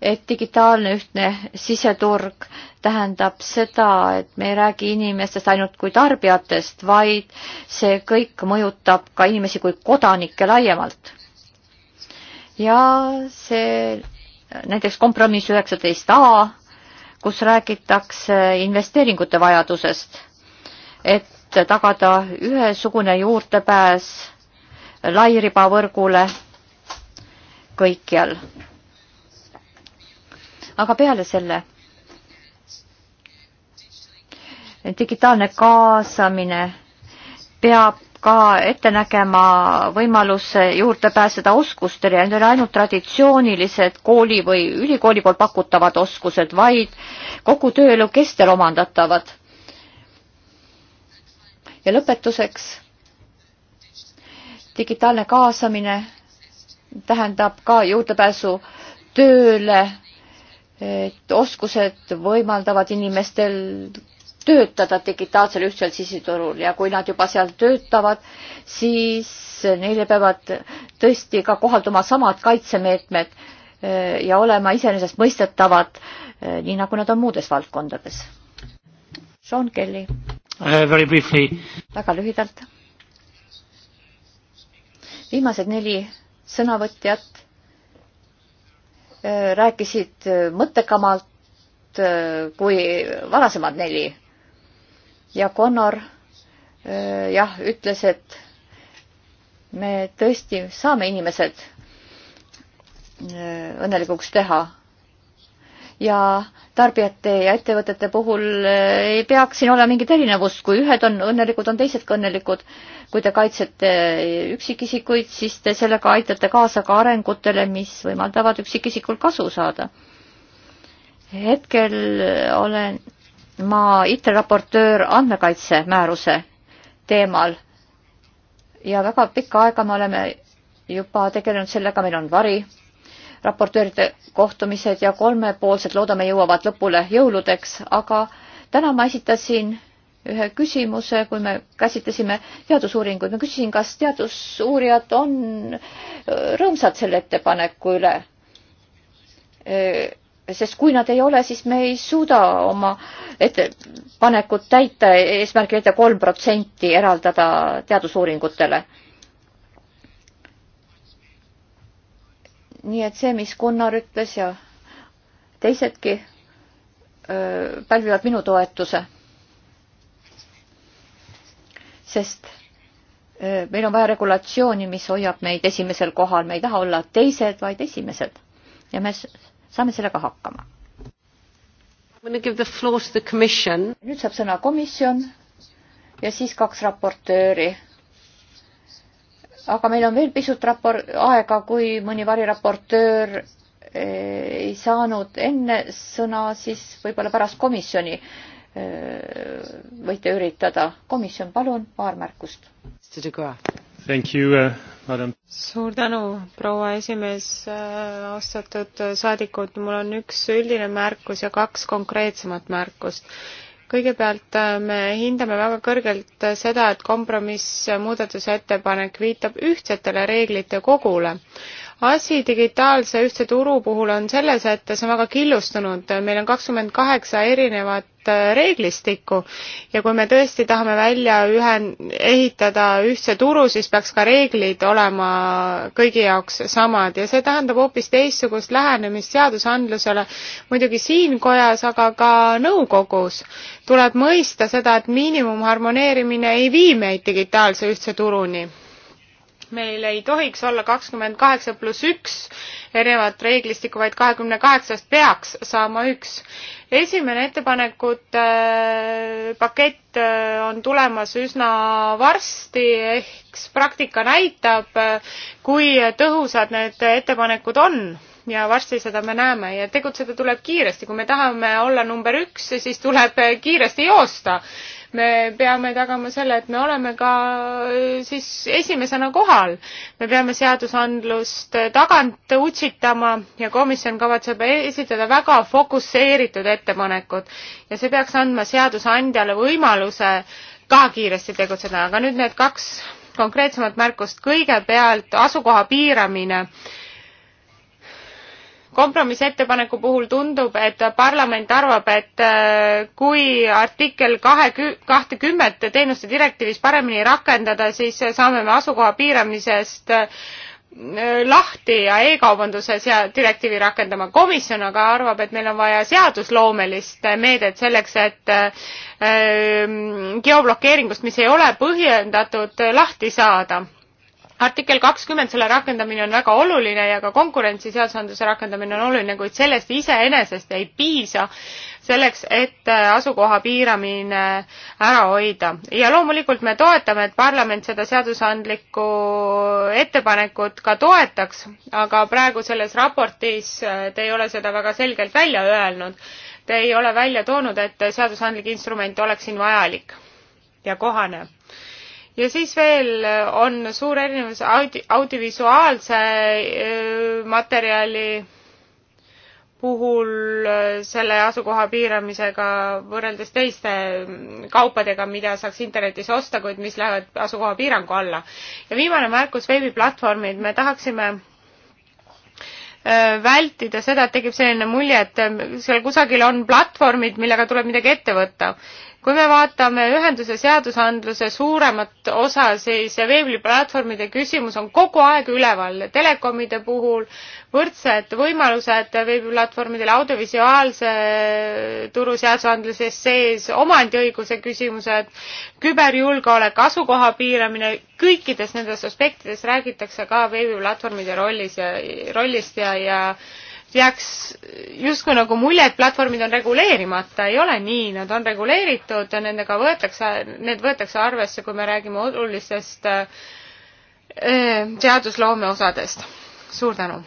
et digitaalne ühtne siseturg tähendab seda, et me ei räägi inimestest ainult kui tarbijatest, vaid see kõik mõjutab ka inimesi kui kodanikke laiemalt ja see näiteks kompromiss üheksateist A, kus räägitakse investeeringute vajadusest, et tagada ühesugune juurdepääs lairibavõrgule kõikjal. aga peale selle digitaalne kaasamine peab ka ette nägema võimaluse juurde pääseda oskustele ja need ei ole ainult traditsioonilised kooli või ülikooli poolt pakutavad oskused, vaid kogu tööelu kestel omandatavad. ja lõpetuseks. digitaalne kaasamine tähendab ka juurdepääsu tööle, et oskused võimaldavad inimestel töötada digitaalsel ühtsel siseturul ja kui nad juba seal töötavad, siis neile peavad tõesti ka kohalduma samad kaitsemeetmed eh, ja olema iseenesestmõistetavad, eh, nii nagu nad on muudes valdkondades. Sean Kelly uh,. väga lühidalt. viimased neli sõnavõtjat eh, rääkisid mõttekamalt kui varasemad neli ja Connor äh, jah, ütles, et me tõesti saame inimesed äh, õnnelikuks teha. ja tarbijate ja ettevõtete puhul äh, ei peaks siin olema mingit erinevust, kui ühed on õnnelikud, on teised ka õnnelikud. kui te kaitsete üksikisikuid, siis te sellega aitate kaasa ka arengutele, mis võimaldavad üksikisikul kasu saada. hetkel olen ma ITRE raportöör andmekaitse määruse teemal ja väga pikka aega me oleme juba tegelenud sellega, meil on vari raportööride kohtumised ja kolmepoolsed loodame jõuavad lõpule jõuludeks, aga täna ma esitasin ühe küsimuse, kui me käsitlesime teadusuuringuid, ma küsisin, kas teadusuurijad on rõõmsad selle ettepaneku üle sest kui nad ei ole, siis me ei suuda oma ettepanekut täita, eesmärgil ette kolm protsenti eraldada teadusuuringutele. nii et see, mis Gunnar ütles ja teisedki pälvivad minu toetuse. sest meil on vaja regulatsiooni, mis hoiab meid esimesel kohal, me ei taha olla teised, vaid esimesed ja me saame sellega hakkama. nüüd saab sõna komisjon ja siis kaks raportööri. aga meil on veel pisut rapor-, aega, kui mõni variraportöör eh, ei saanud enne sõna, siis võib-olla pärast komisjoni eh, võite üritada. komisjon, palun, paar märkust uh, suur tänu, proua esimees, äh, austatud saadikud, mul on üks üldine märkus ja kaks konkreetsemat märkust kõigepealt äh, me hindame väga kõrgelt seda, et kompromiss muudatusettepanek viitab ühtsetele reeglite kogule asi digitaalse ühtse turu puhul on selles, et see on väga killustunud, meil on kakskümmend kaheksa erinevat äh, reeglistikku ja kui me tõesti tahame välja ühen-, ehitada ühtse turu, siis peaks ka reeglid olema kõigi jaoks samad ja see tähendab hoopis teistsugust lähenemist seadusandlusele muidugi siin kojas, aga ka nõukogus tuleb mõista seda, et miinimumharmoneerimine ei vii meid digitaalse ühtse turuni meil ei tohiks olla kakskümmend kaheksa pluss üks erinevat reeglistikku, vaid kahekümne kaheksast peaks saama üks. esimene ettepanekute äh, pakett äh, on tulemas üsna varsti, eks praktika näitab, äh, kui tõhusad need ettepanekud on ja varsti seda me näeme ja tegutseda tuleb kiiresti, kui me tahame olla number üks, siis tuleb kiiresti joosta me peame tagama selle, et me oleme ka äh, siis esimesena kohal. me peame seadusandlust äh, tagant utsitama ja komisjon kavatseb e-, esitada väga fokusseeritud ettepanekud ja see peaks andma seadusandjale võimaluse ka kiiresti tegutseda, aga nüüd need kaks konkreetsemat märkust. kõigepealt asukoha piiramine kompromissettepaneku puhul tundub, et parlament arvab, et äh, kui artikkel kahe, kahtekümmet teenuste direktiivis paremini rakendada, siis saame me asukoha piiramisest äh, lahti ja e-kaubanduse direktiivi rakendama. komisjon aga arvab, et meil on vaja seadusloomelist meedet selleks, et äh, geoblokeeringust, mis ei ole põhjendatud, lahti saada artikkel kakskümmend, selle rakendamine on väga oluline ja ka konkurentsiseadusandluse rakendamine on oluline, kuid sellest iseenesest ei piisa selleks, et äh, asukoha piiramine ära hoida. ja loomulikult me toetame, et parlament seda seadusandlikku ettepanekut ka toetaks, aga praegu selles raportis äh, te ei ole seda väga selgelt välja öelnud. Te ei ole välja toonud, et seadusandlik instrument oleks siin vajalik ja kohane ja siis veel on suur erinevus audi-, audiovisuaalse materjali puhul selle asukoha piiramisega võrreldes teiste mm, kaupadega, mida saaks internetis osta, kuid mis lähevad asukoha piirangu alla. ja viimane märkus, veebiplatvormid, me tahaksime vältida seda, et tekib selline mulje, et mm, seal kusagil on platvormid, millega tuleb midagi ette võtta kui me vaatame ühenduse seadusandluse suuremat osa, siis veebiplatvormide küsimus on kogu aeg üleval. telekomide puhul võrdsed võimalused veebiplatvormidele audiovisuaalse turu seadusandluses sees, omandiõiguse küsimused, küberjulgeolek, asukoha piiramine, kõikides nendes aspektides räägitakse ka veebiplatvormide rollis ja, rollist ja, ja jääks justkui nagu mulje, et platvormid on reguleerimata, ei ole nii, nad on reguleeritud, nendega võetakse, need võetakse arvesse, kui me räägime olulistest äh, seadusloome osadest. suur tänu!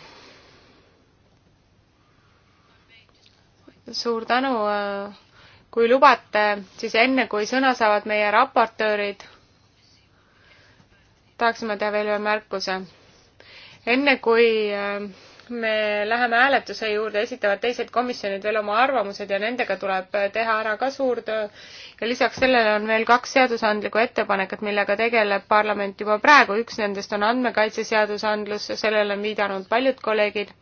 suur tänu, äh, kui lubate, siis enne, kui sõna saavad meie raportöörid, tahaksime teha veel ühe märkuse. enne kui äh, me läheme hääletuse juurde, esitavad teised komisjonid veel oma arvamused ja nendega tuleb teha ära ka suur töö. ja lisaks sellele on veel kaks seadusandlikku ettepanekut, millega tegeleb parlament juba praegu, üks nendest on andmekaitseseadusandlus, sellele on viidanud paljud kolleegid,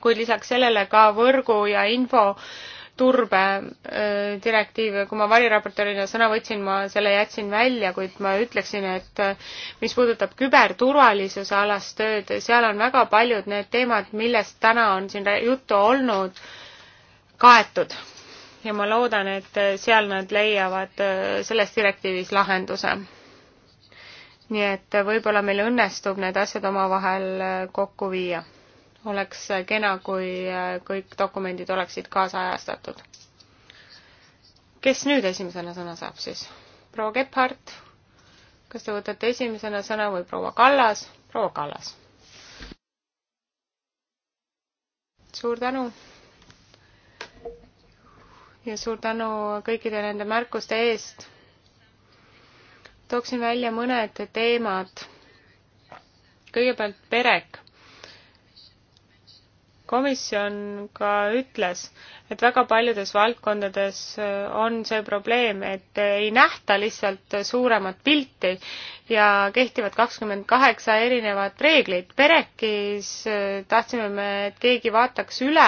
kuid lisaks sellele ka võrgu ja info äh, turbe äh, direktiiv, kui ma variraportöörina sõna võtsin, ma selle jätsin välja, kuid ma ütleksin, et äh, mis puudutab küberturvalisuse alast tööd, seal on väga paljud need teemad, millest täna on siin juttu olnud, kaetud. ja ma loodan, et äh, seal nad leiavad selles direktiivis lahenduse. nii et võib-olla meil õnnestub need asjad omavahel kokku viia oleks kena, kui äh, kõik dokumendid oleksid kaasajastatud. kes nüüd esimesena sõna saab siis? proua Gebhardt, kas te võtate esimesena sõna või proua Kallas? proua Kallas. suur tänu ja suur tänu kõikide nende märkuste eest. tooksin välja mõned teemad. kõigepealt perek komisjon ka ütles, et väga paljudes valdkondades äh, on see probleem, et ei nähta lihtsalt suuremat pilti ja kehtivad kakskümmend kaheksa erinevat reeglit. Perekis äh, tahtsime me, et keegi vaataks üle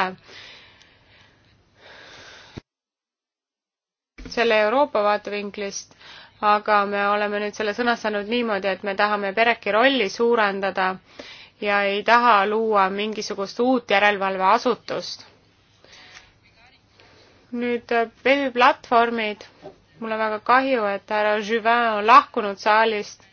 selle Euroopa vaatevinklist, aga me oleme nüüd selle sõnastanud niimoodi, et me tahame pereki rolli suurendada ja ei taha luua mingisugust uut järelevalveasutust. nüüd veebiplatvormid, äh, mul on väga kahju, et härra Juvin on lahkunud saalist.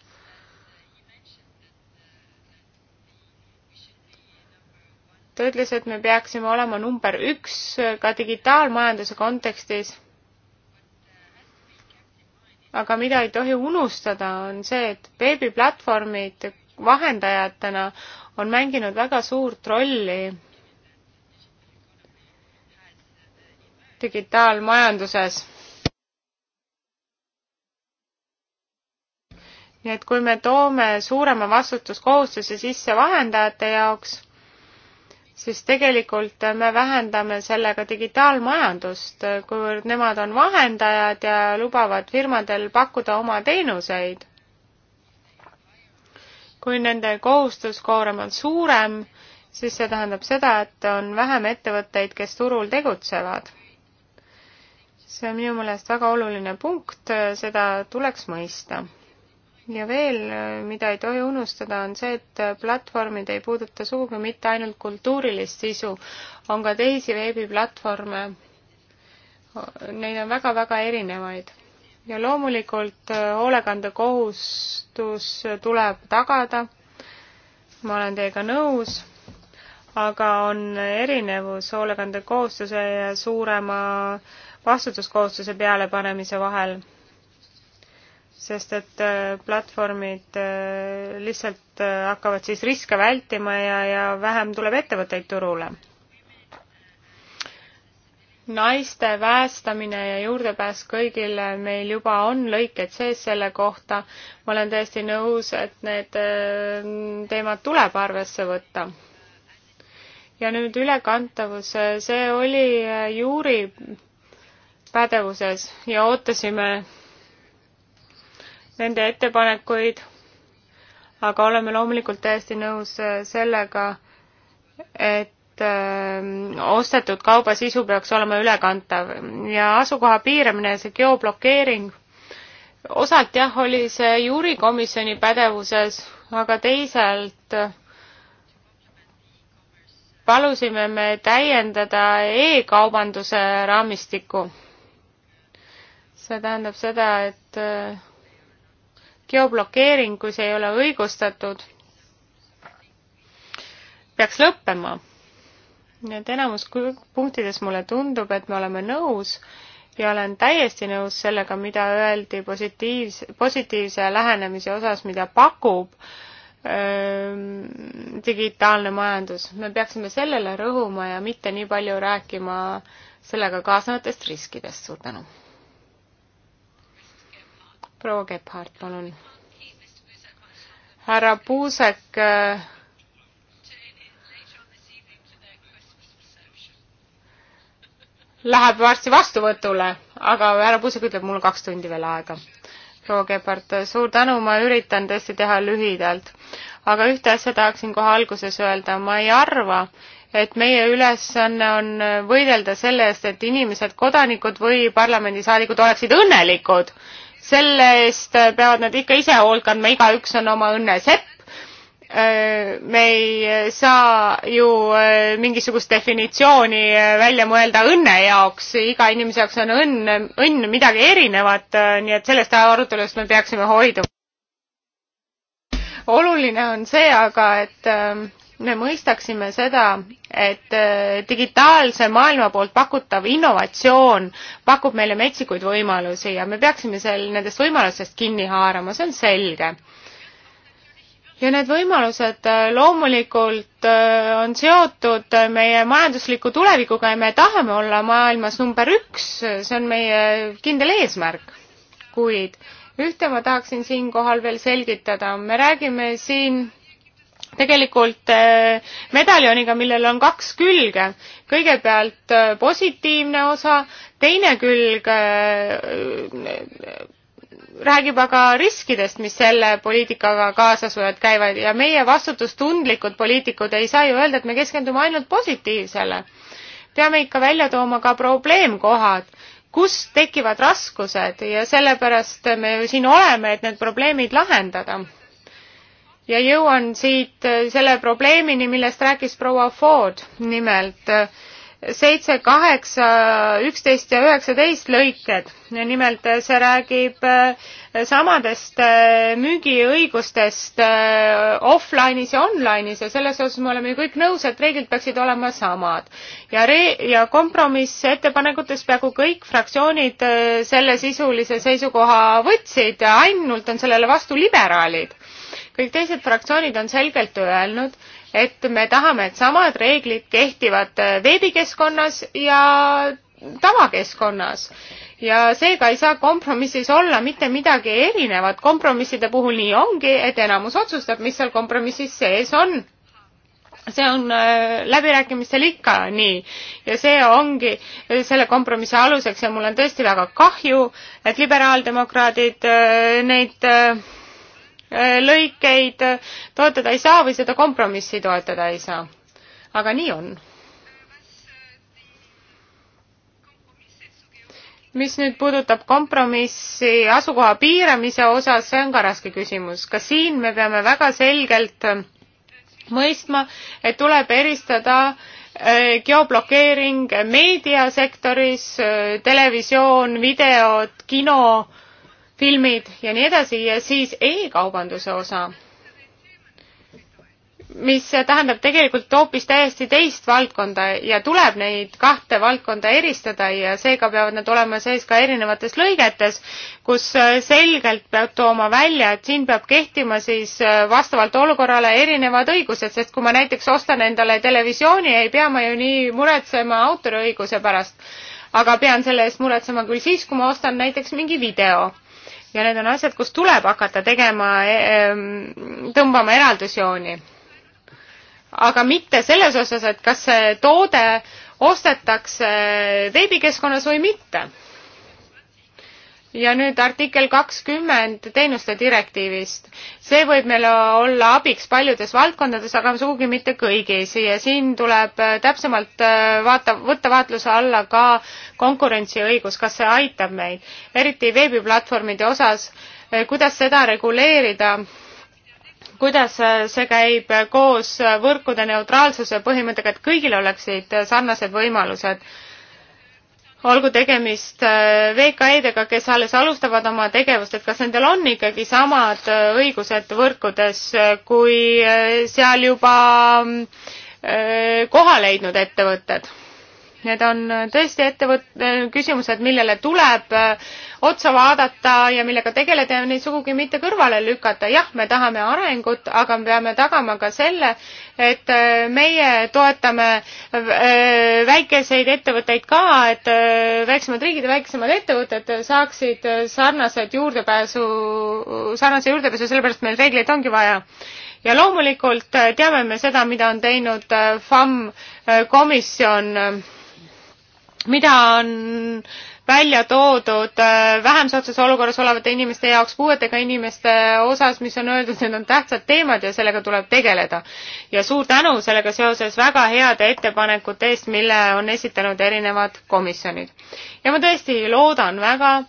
ta ütles, et me peaksime olema number üks äh, ka digitaalmajanduse kontekstis aga mida ei tohi unustada, on see, et veebiplatvormid vahendajatena on mänginud väga suurt rolli digitaalmajanduses. nii et kui me toome suurema vastutuskohustuse sisse vahendajate jaoks, siis tegelikult me vähendame sellega digitaalmajandust, kuivõrd nemad on vahendajad ja lubavad firmadel pakkuda oma teenuseid kui nende kohustuskoorem on suurem, siis see tähendab seda, et on vähem ettevõtteid, kes turul tegutsevad. see on minu meelest väga oluline punkt, seda tuleks mõista. ja veel, mida ei tohi unustada, on see, et platvormid ei puuduta sugugi mitte ainult kultuurilist sisu, on ka teisi veebiplatvorme. Neid on väga-väga erinevaid ja loomulikult äh, hoolekandekohustus äh, tuleb tagada, ma olen teiega nõus, aga on erinevus hoolekandekohustuse ja suurema vastutuskohustuse pealepanemise vahel. sest et äh, platvormid lihtsalt hakkavad siis riske vältima ja, ja vähem tuleb ettevõtteid turule naiste päästamine ja juurdepääs kõigile, meil juba on lõiked sees selle kohta. ma olen täiesti nõus, et need äh, teemad tuleb arvesse võtta. ja nüüd ülekantavus, see oli äh, juuri pädevuses ja ootasime nende ettepanekuid, aga oleme loomulikult täiesti nõus äh, sellega, et et ähm, ostetud kauba sisu peaks olema ülekantav ja asukoha piiramine, see geoblokeering, osalt jah, oli see juurikomisjoni pädevuses, aga teisalt palusime me täiendada e-kaubanduse raamistikku. see tähendab seda, et äh, geoblokeering, kui see ei ole õigustatud, peaks lõppema et enamus punktides mulle tundub, et me oleme nõus ja olen täiesti nõus sellega, mida öeldi positiivse, positiivse lähenemise osas, mida pakub öö, digitaalne majandus. me peaksime sellele rõhuma ja mitte nii palju rääkima sellega kaasnevatest riskidest. suur tänu. proua Gebhardt, palun. härra Puusek äh, läheb varsti vastuvõtule, aga härra Puusik ütleb, mul on kaks tundi veel aega. proua Kepart, suur tänu, ma üritan tõesti teha lühidalt. aga ühte asja tahaksin kohe alguses öelda, ma ei arva, et meie ülesanne on võidelda selle eest, et inimesed, kodanikud või parlamendisaadikud oleksid õnnelikud. selle eest peavad nad ikka ise hoolt kandma, igaüks on oma õnne sepp Äh, me ei saa ju äh, mingisugust definitsiooni äh, välja mõelda õnne jaoks, iga inimese jaoks on õnn, õnn midagi erinevat, nii et sellest arutelust me peaksime hoiduma. oluline on see aga, et me mõistaksime seda, et digitaalse maailma poolt pakutav innovatsioon pakub meile metsikuid võimalusi ja me peaksime seal nendest võimalustest kinni haarama, see on selge ja need võimalused äh, loomulikult äh, on seotud äh, meie majandusliku tulevikuga ja me tahame olla maailmas number üks, see on meie kindel eesmärk. kuid ühte ma tahaksin siinkohal veel selgitada, me räägime siin tegelikult medaljoniga, millel on kaks külge. kõigepealt positiivne osa, teine külg räägib aga riskidest, mis selle poliitikaga kaasas võivad käivad ja meie vastutustundlikud poliitikud ei saa ju öelda, et me keskendume ainult positiivsele. peame ikka välja tooma ka probleemkohad, kus tekivad raskused ja sellepärast me ju siin oleme, et need probleemid lahendada. ja jõuan siit selle probleemini, millest rääkis proua Ford, nimelt äh, seitse, kaheksa, üksteist ja üheksateist lõiked. nimelt see räägib äh, samadest äh, müügiõigustest äh, offline'is ja online'is ja selles osas me oleme ju kõik nõus, et reeglid peaksid olema samad. ja re-, ja kompromissettepanekutes peaaegu kõik fraktsioonid sellesisulise seisukoha võtsid ja ainult on sellele vastu liberaalid. kõik teised fraktsioonid on selgelt öelnud, et me tahame, et samad reeglid kehtivad äh, veebikeskkonnas ja tavakeskkonnas ja seega ei saa kompromissis olla mitte midagi erinevat. kompromisside puhul nii ongi, et enamus otsustab, mis seal kompromissis sees on. see on äh, läbirääkimistel ikka nii ja see ongi äh, selle kompromissi aluseks ja mul on tõesti väga kahju, et liberaaldemokraadid neid äh, Äh, lõikeid äh, toetada ei saa või seda kompromissi toetada ei saa. aga nii on. mis nüüd puudutab kompromissi asukoha piiramise osas, see on ka raske küsimus. ka siin me peame väga selgelt äh, mõistma, et tuleb eristada geoblokeering meediasektoris, televisioon, videod, kino filmid ja nii edasi ja siis e-kaubanduse osa, mis tähendab tegelikult hoopis täiesti teist valdkonda ja tuleb neid kahte valdkonda eristada ja seega peavad nad olema sees ka erinevates lõigetes, kus äh, selgelt peab tooma välja, et siin peab kehtima siis äh, vastavalt olukorrale erinevad õigused, sest kui ma näiteks ostan endale televisiooni, ei pea ma ju nii muretsema autoriõiguse pärast aga pean selle eest muretsema küll siis, kui ma ostan näiteks mingi video ja need on asjad, kus tuleb hakata tegema, e, e, tõmbama eraldusjooni. aga mitte selles osas, et kas see toode ostetakse veebikeskkonnas või mitte ja nüüd artikkel kakskümmend teenuste direktiivist. see võib meil olla abiks paljudes valdkondades, aga sugugi mitte kõigis ja siin tuleb äh, täpsemalt äh, vaata, võtta vaatluse alla ka konkurentsiõigus, kas see aitab meid, eriti veebiplatvormide osas, äh, kuidas seda reguleerida kuidas see käib koos võrkude neutraalsuse põhimõttega, et kõigil oleksid sarnased võimalused olgu tegemist äh, VKE-dega, kes alles alustavad oma tegevust, et kas nendel on ikkagi samad äh, õigused võrkudes äh, kui seal juba mm, koha leidnud ettevõtted? Need on tõesti ettevõt-, küsimused, millele tuleb äh, otsa vaadata ja millega tegeleda ja neid sugugi mitte kõrvale lükata. jah, me tahame arengut, aga me peame tagama ka selle, et äh, meie toetame äh, väikeseid ettevõtteid ka, et väiksemad riigid ja väiksemad ettevõtted saaksid sarnased juurdepääsu, sarnase juurdepääsu, sellepärast meil reegleid ongi vaja ja loomulikult teame me seda, mida on teinud FAM komisjon mida on välja toodud äh, vähem soodsas olukorras olevate inimeste jaoks, puuetega inimeste osas, mis on öeldud, need on tähtsad teemad ja sellega tuleb tegeleda. ja suur tänu sellega seoses väga heade ettepanekute eest, mille on esitanud erinevad komisjonid. ja ma tõesti loodan väga,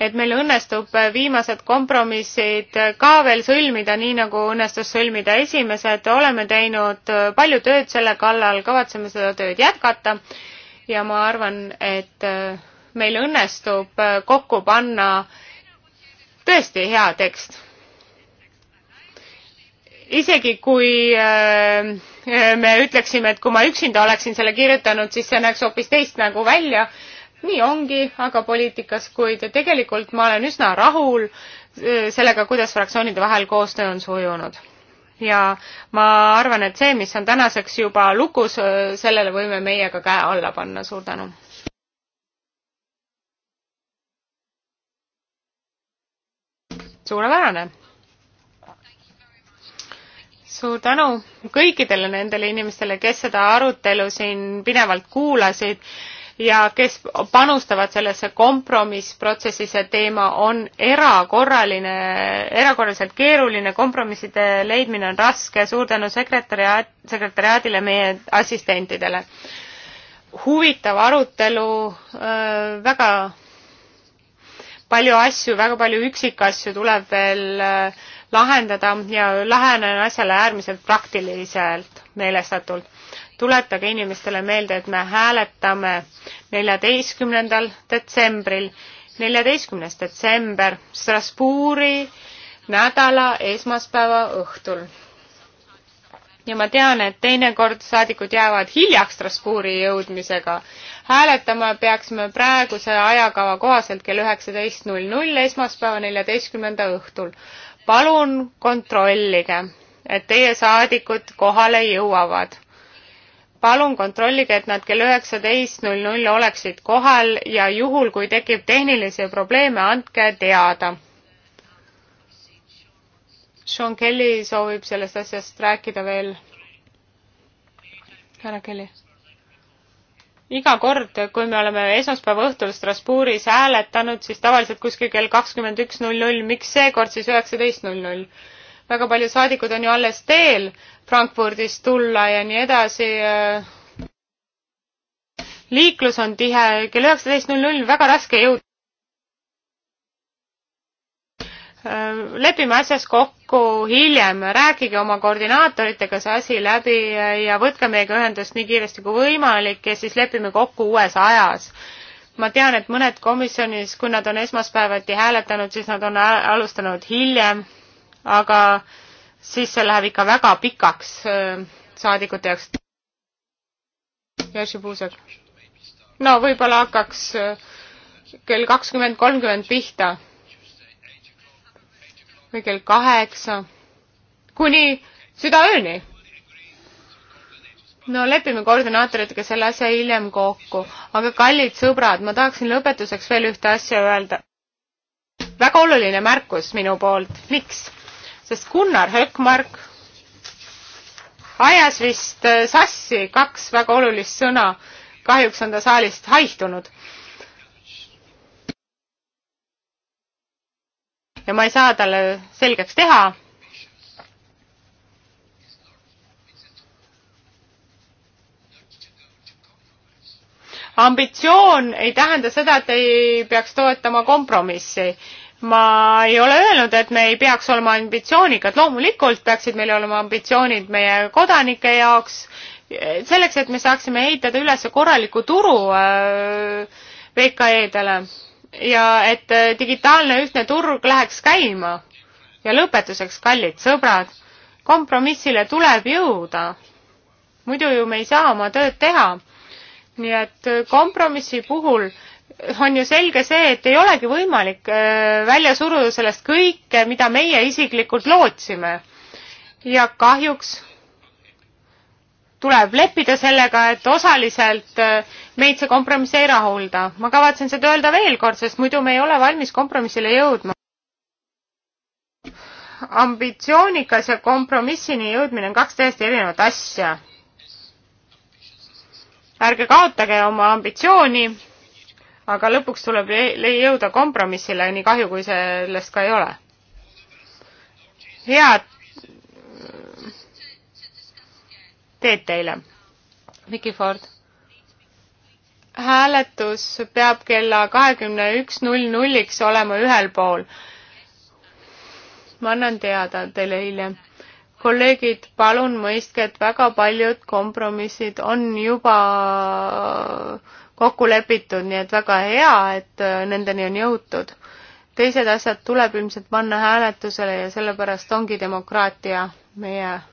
et meil õnnestub viimased kompromissid ka veel sõlmida, nii nagu õnnestus sõlmida esimesed, oleme teinud palju tööd selle kallal, kavatseme seda tööd jätkata ja ma arvan, et äh, meil õnnestub äh, kokku panna tõesti hea tekst. isegi kui äh, me ütleksime, et kui ma üksinda oleksin selle kirjutanud, siis see näeks hoopis teist nägu välja. nii ongi aga poliitikas, kuid tegelikult ma olen üsna rahul sellega, kuidas fraktsioonide vahel koostöö on sujunud ja ma arvan, et see, mis on tänaseks juba lukus, sellele võime meie ka käe alla panna, suur tänu. suurepärane. suur tänu kõikidele nendele inimestele, kes seda arutelu siin pidevalt kuulasid ja kes panustavad sellesse kompromissprotsessi, see teema on erakorraline, erakorraliselt keeruline, kompromisside leidmine on raske, suur tänu sekretäriaat, sekretäriaadile, meie assistentidele. huvitav arutelu äh,, väga palju asju, väga palju üksikasju tuleb veel lahendada ja lähenen asjale äärmiselt praktiliselt meelestatult tuletage inimestele meelde, et me hääletame neljateistkümnendal detsembril. neljateistkümnes detsember Strasbourgi nädala esmaspäeva õhtul. ja ma tean, et teinekord saadikud jäävad hiljaks Strasbourgi jõudmisega. hääletama peaksime praeguse ajakava kohaselt kell üheksateist null null esmaspäeva, neljateistkümnenda õhtul. palun kontrollige, et teie saadikud kohale jõuavad palun kontrollige, et nad kell üheksateist null null oleksid kohal ja juhul, kui tekib tehnilisi probleeme, andke teada. Sean Kelly soovib sellest asjast rääkida veel. härra Kelly. iga kord, kui me oleme esmaspäeva õhtul Strasbourgis hääletanud, siis tavaliselt kuskil kell kakskümmend üks null null, miks seekord siis üheksateist null null? väga paljud saadikud on ju alles teel Frankfurdist tulla ja nii edasi. Äh, liiklus on tihe, kell üheksateist null null väga raske jõuda. Äh, lepime asjas kokku hiljem, rääkige oma koordinaatoritega see asi läbi ja võtke meiega ühendust nii kiiresti kui võimalik ja siis lepime kokku uues ajas ma tean, et mõned komisjonis, kui nad on esmaspäevati hääletanud, siis nad on alustanud hiljem aga siis see läheb ikka väga pikaks äh, saadikute jaoks. Jerzy Puusek. no võib-olla hakkaks äh, kell kakskümmend kolmkümmend pihta või kell kaheksa kuni südaööni. no lepime koordinaatoritega selle asja hiljem kokku, aga kallid sõbrad, ma tahaksin lõpetuseks veel ühte asja öelda. väga oluline märkus minu poolt, miks? sest Gunnar Höckmark ajas vist äh, sassi kaks väga olulist sõna. kahjuks on ta saalist haihtunud. ja ma ei saa talle selgeks teha, ambitsioon ei tähenda seda, et ei peaks toetama kompromissi ma ei ole öelnud, et me ei peaks olema ambitsioonikad, loomulikult peaksid meil olema ambitsioonid meie kodanike jaoks, selleks, et me saaksime ehitada üles korraliku turu äh, VKE-dele ja et äh, digitaalne ühtne turg läheks käima. ja lõpetuseks, kallid sõbrad, kompromissile tuleb jõuda. muidu ju me ei saa oma tööd teha. nii et äh, kompromissi puhul on ju selge see, et ei olegi võimalik äh, välja suruda sellest kõike, mida meie isiklikult lootsime. ja kahjuks tuleb leppida sellega, et osaliselt äh, meid see kompromiss ei rahulda. ma kavatsen seda öelda veel kord, sest muidu me ei ole valmis kompromissile jõudma. ambitsioonikas ja kompromissini jõudmine on kaks täiesti erinevat asja. ärge kaotage oma ambitsiooni aga lõpuks tuleb jõuda kompromissile, nii kahju kui sellest ka ei ole. head teed teile. Vicky Ford. hääletus peab kella kahekümne üks null nulliks olema ühel pool. ma annan teada teile hiljem. kolleegid, palun mõistke, et väga paljud kompromissid on juba kokku lepitud, nii et väga hea, et äh, nendeni on jõutud. teised asjad tuleb ilmselt panna hääletusele ja sellepärast ongi demokraatia meie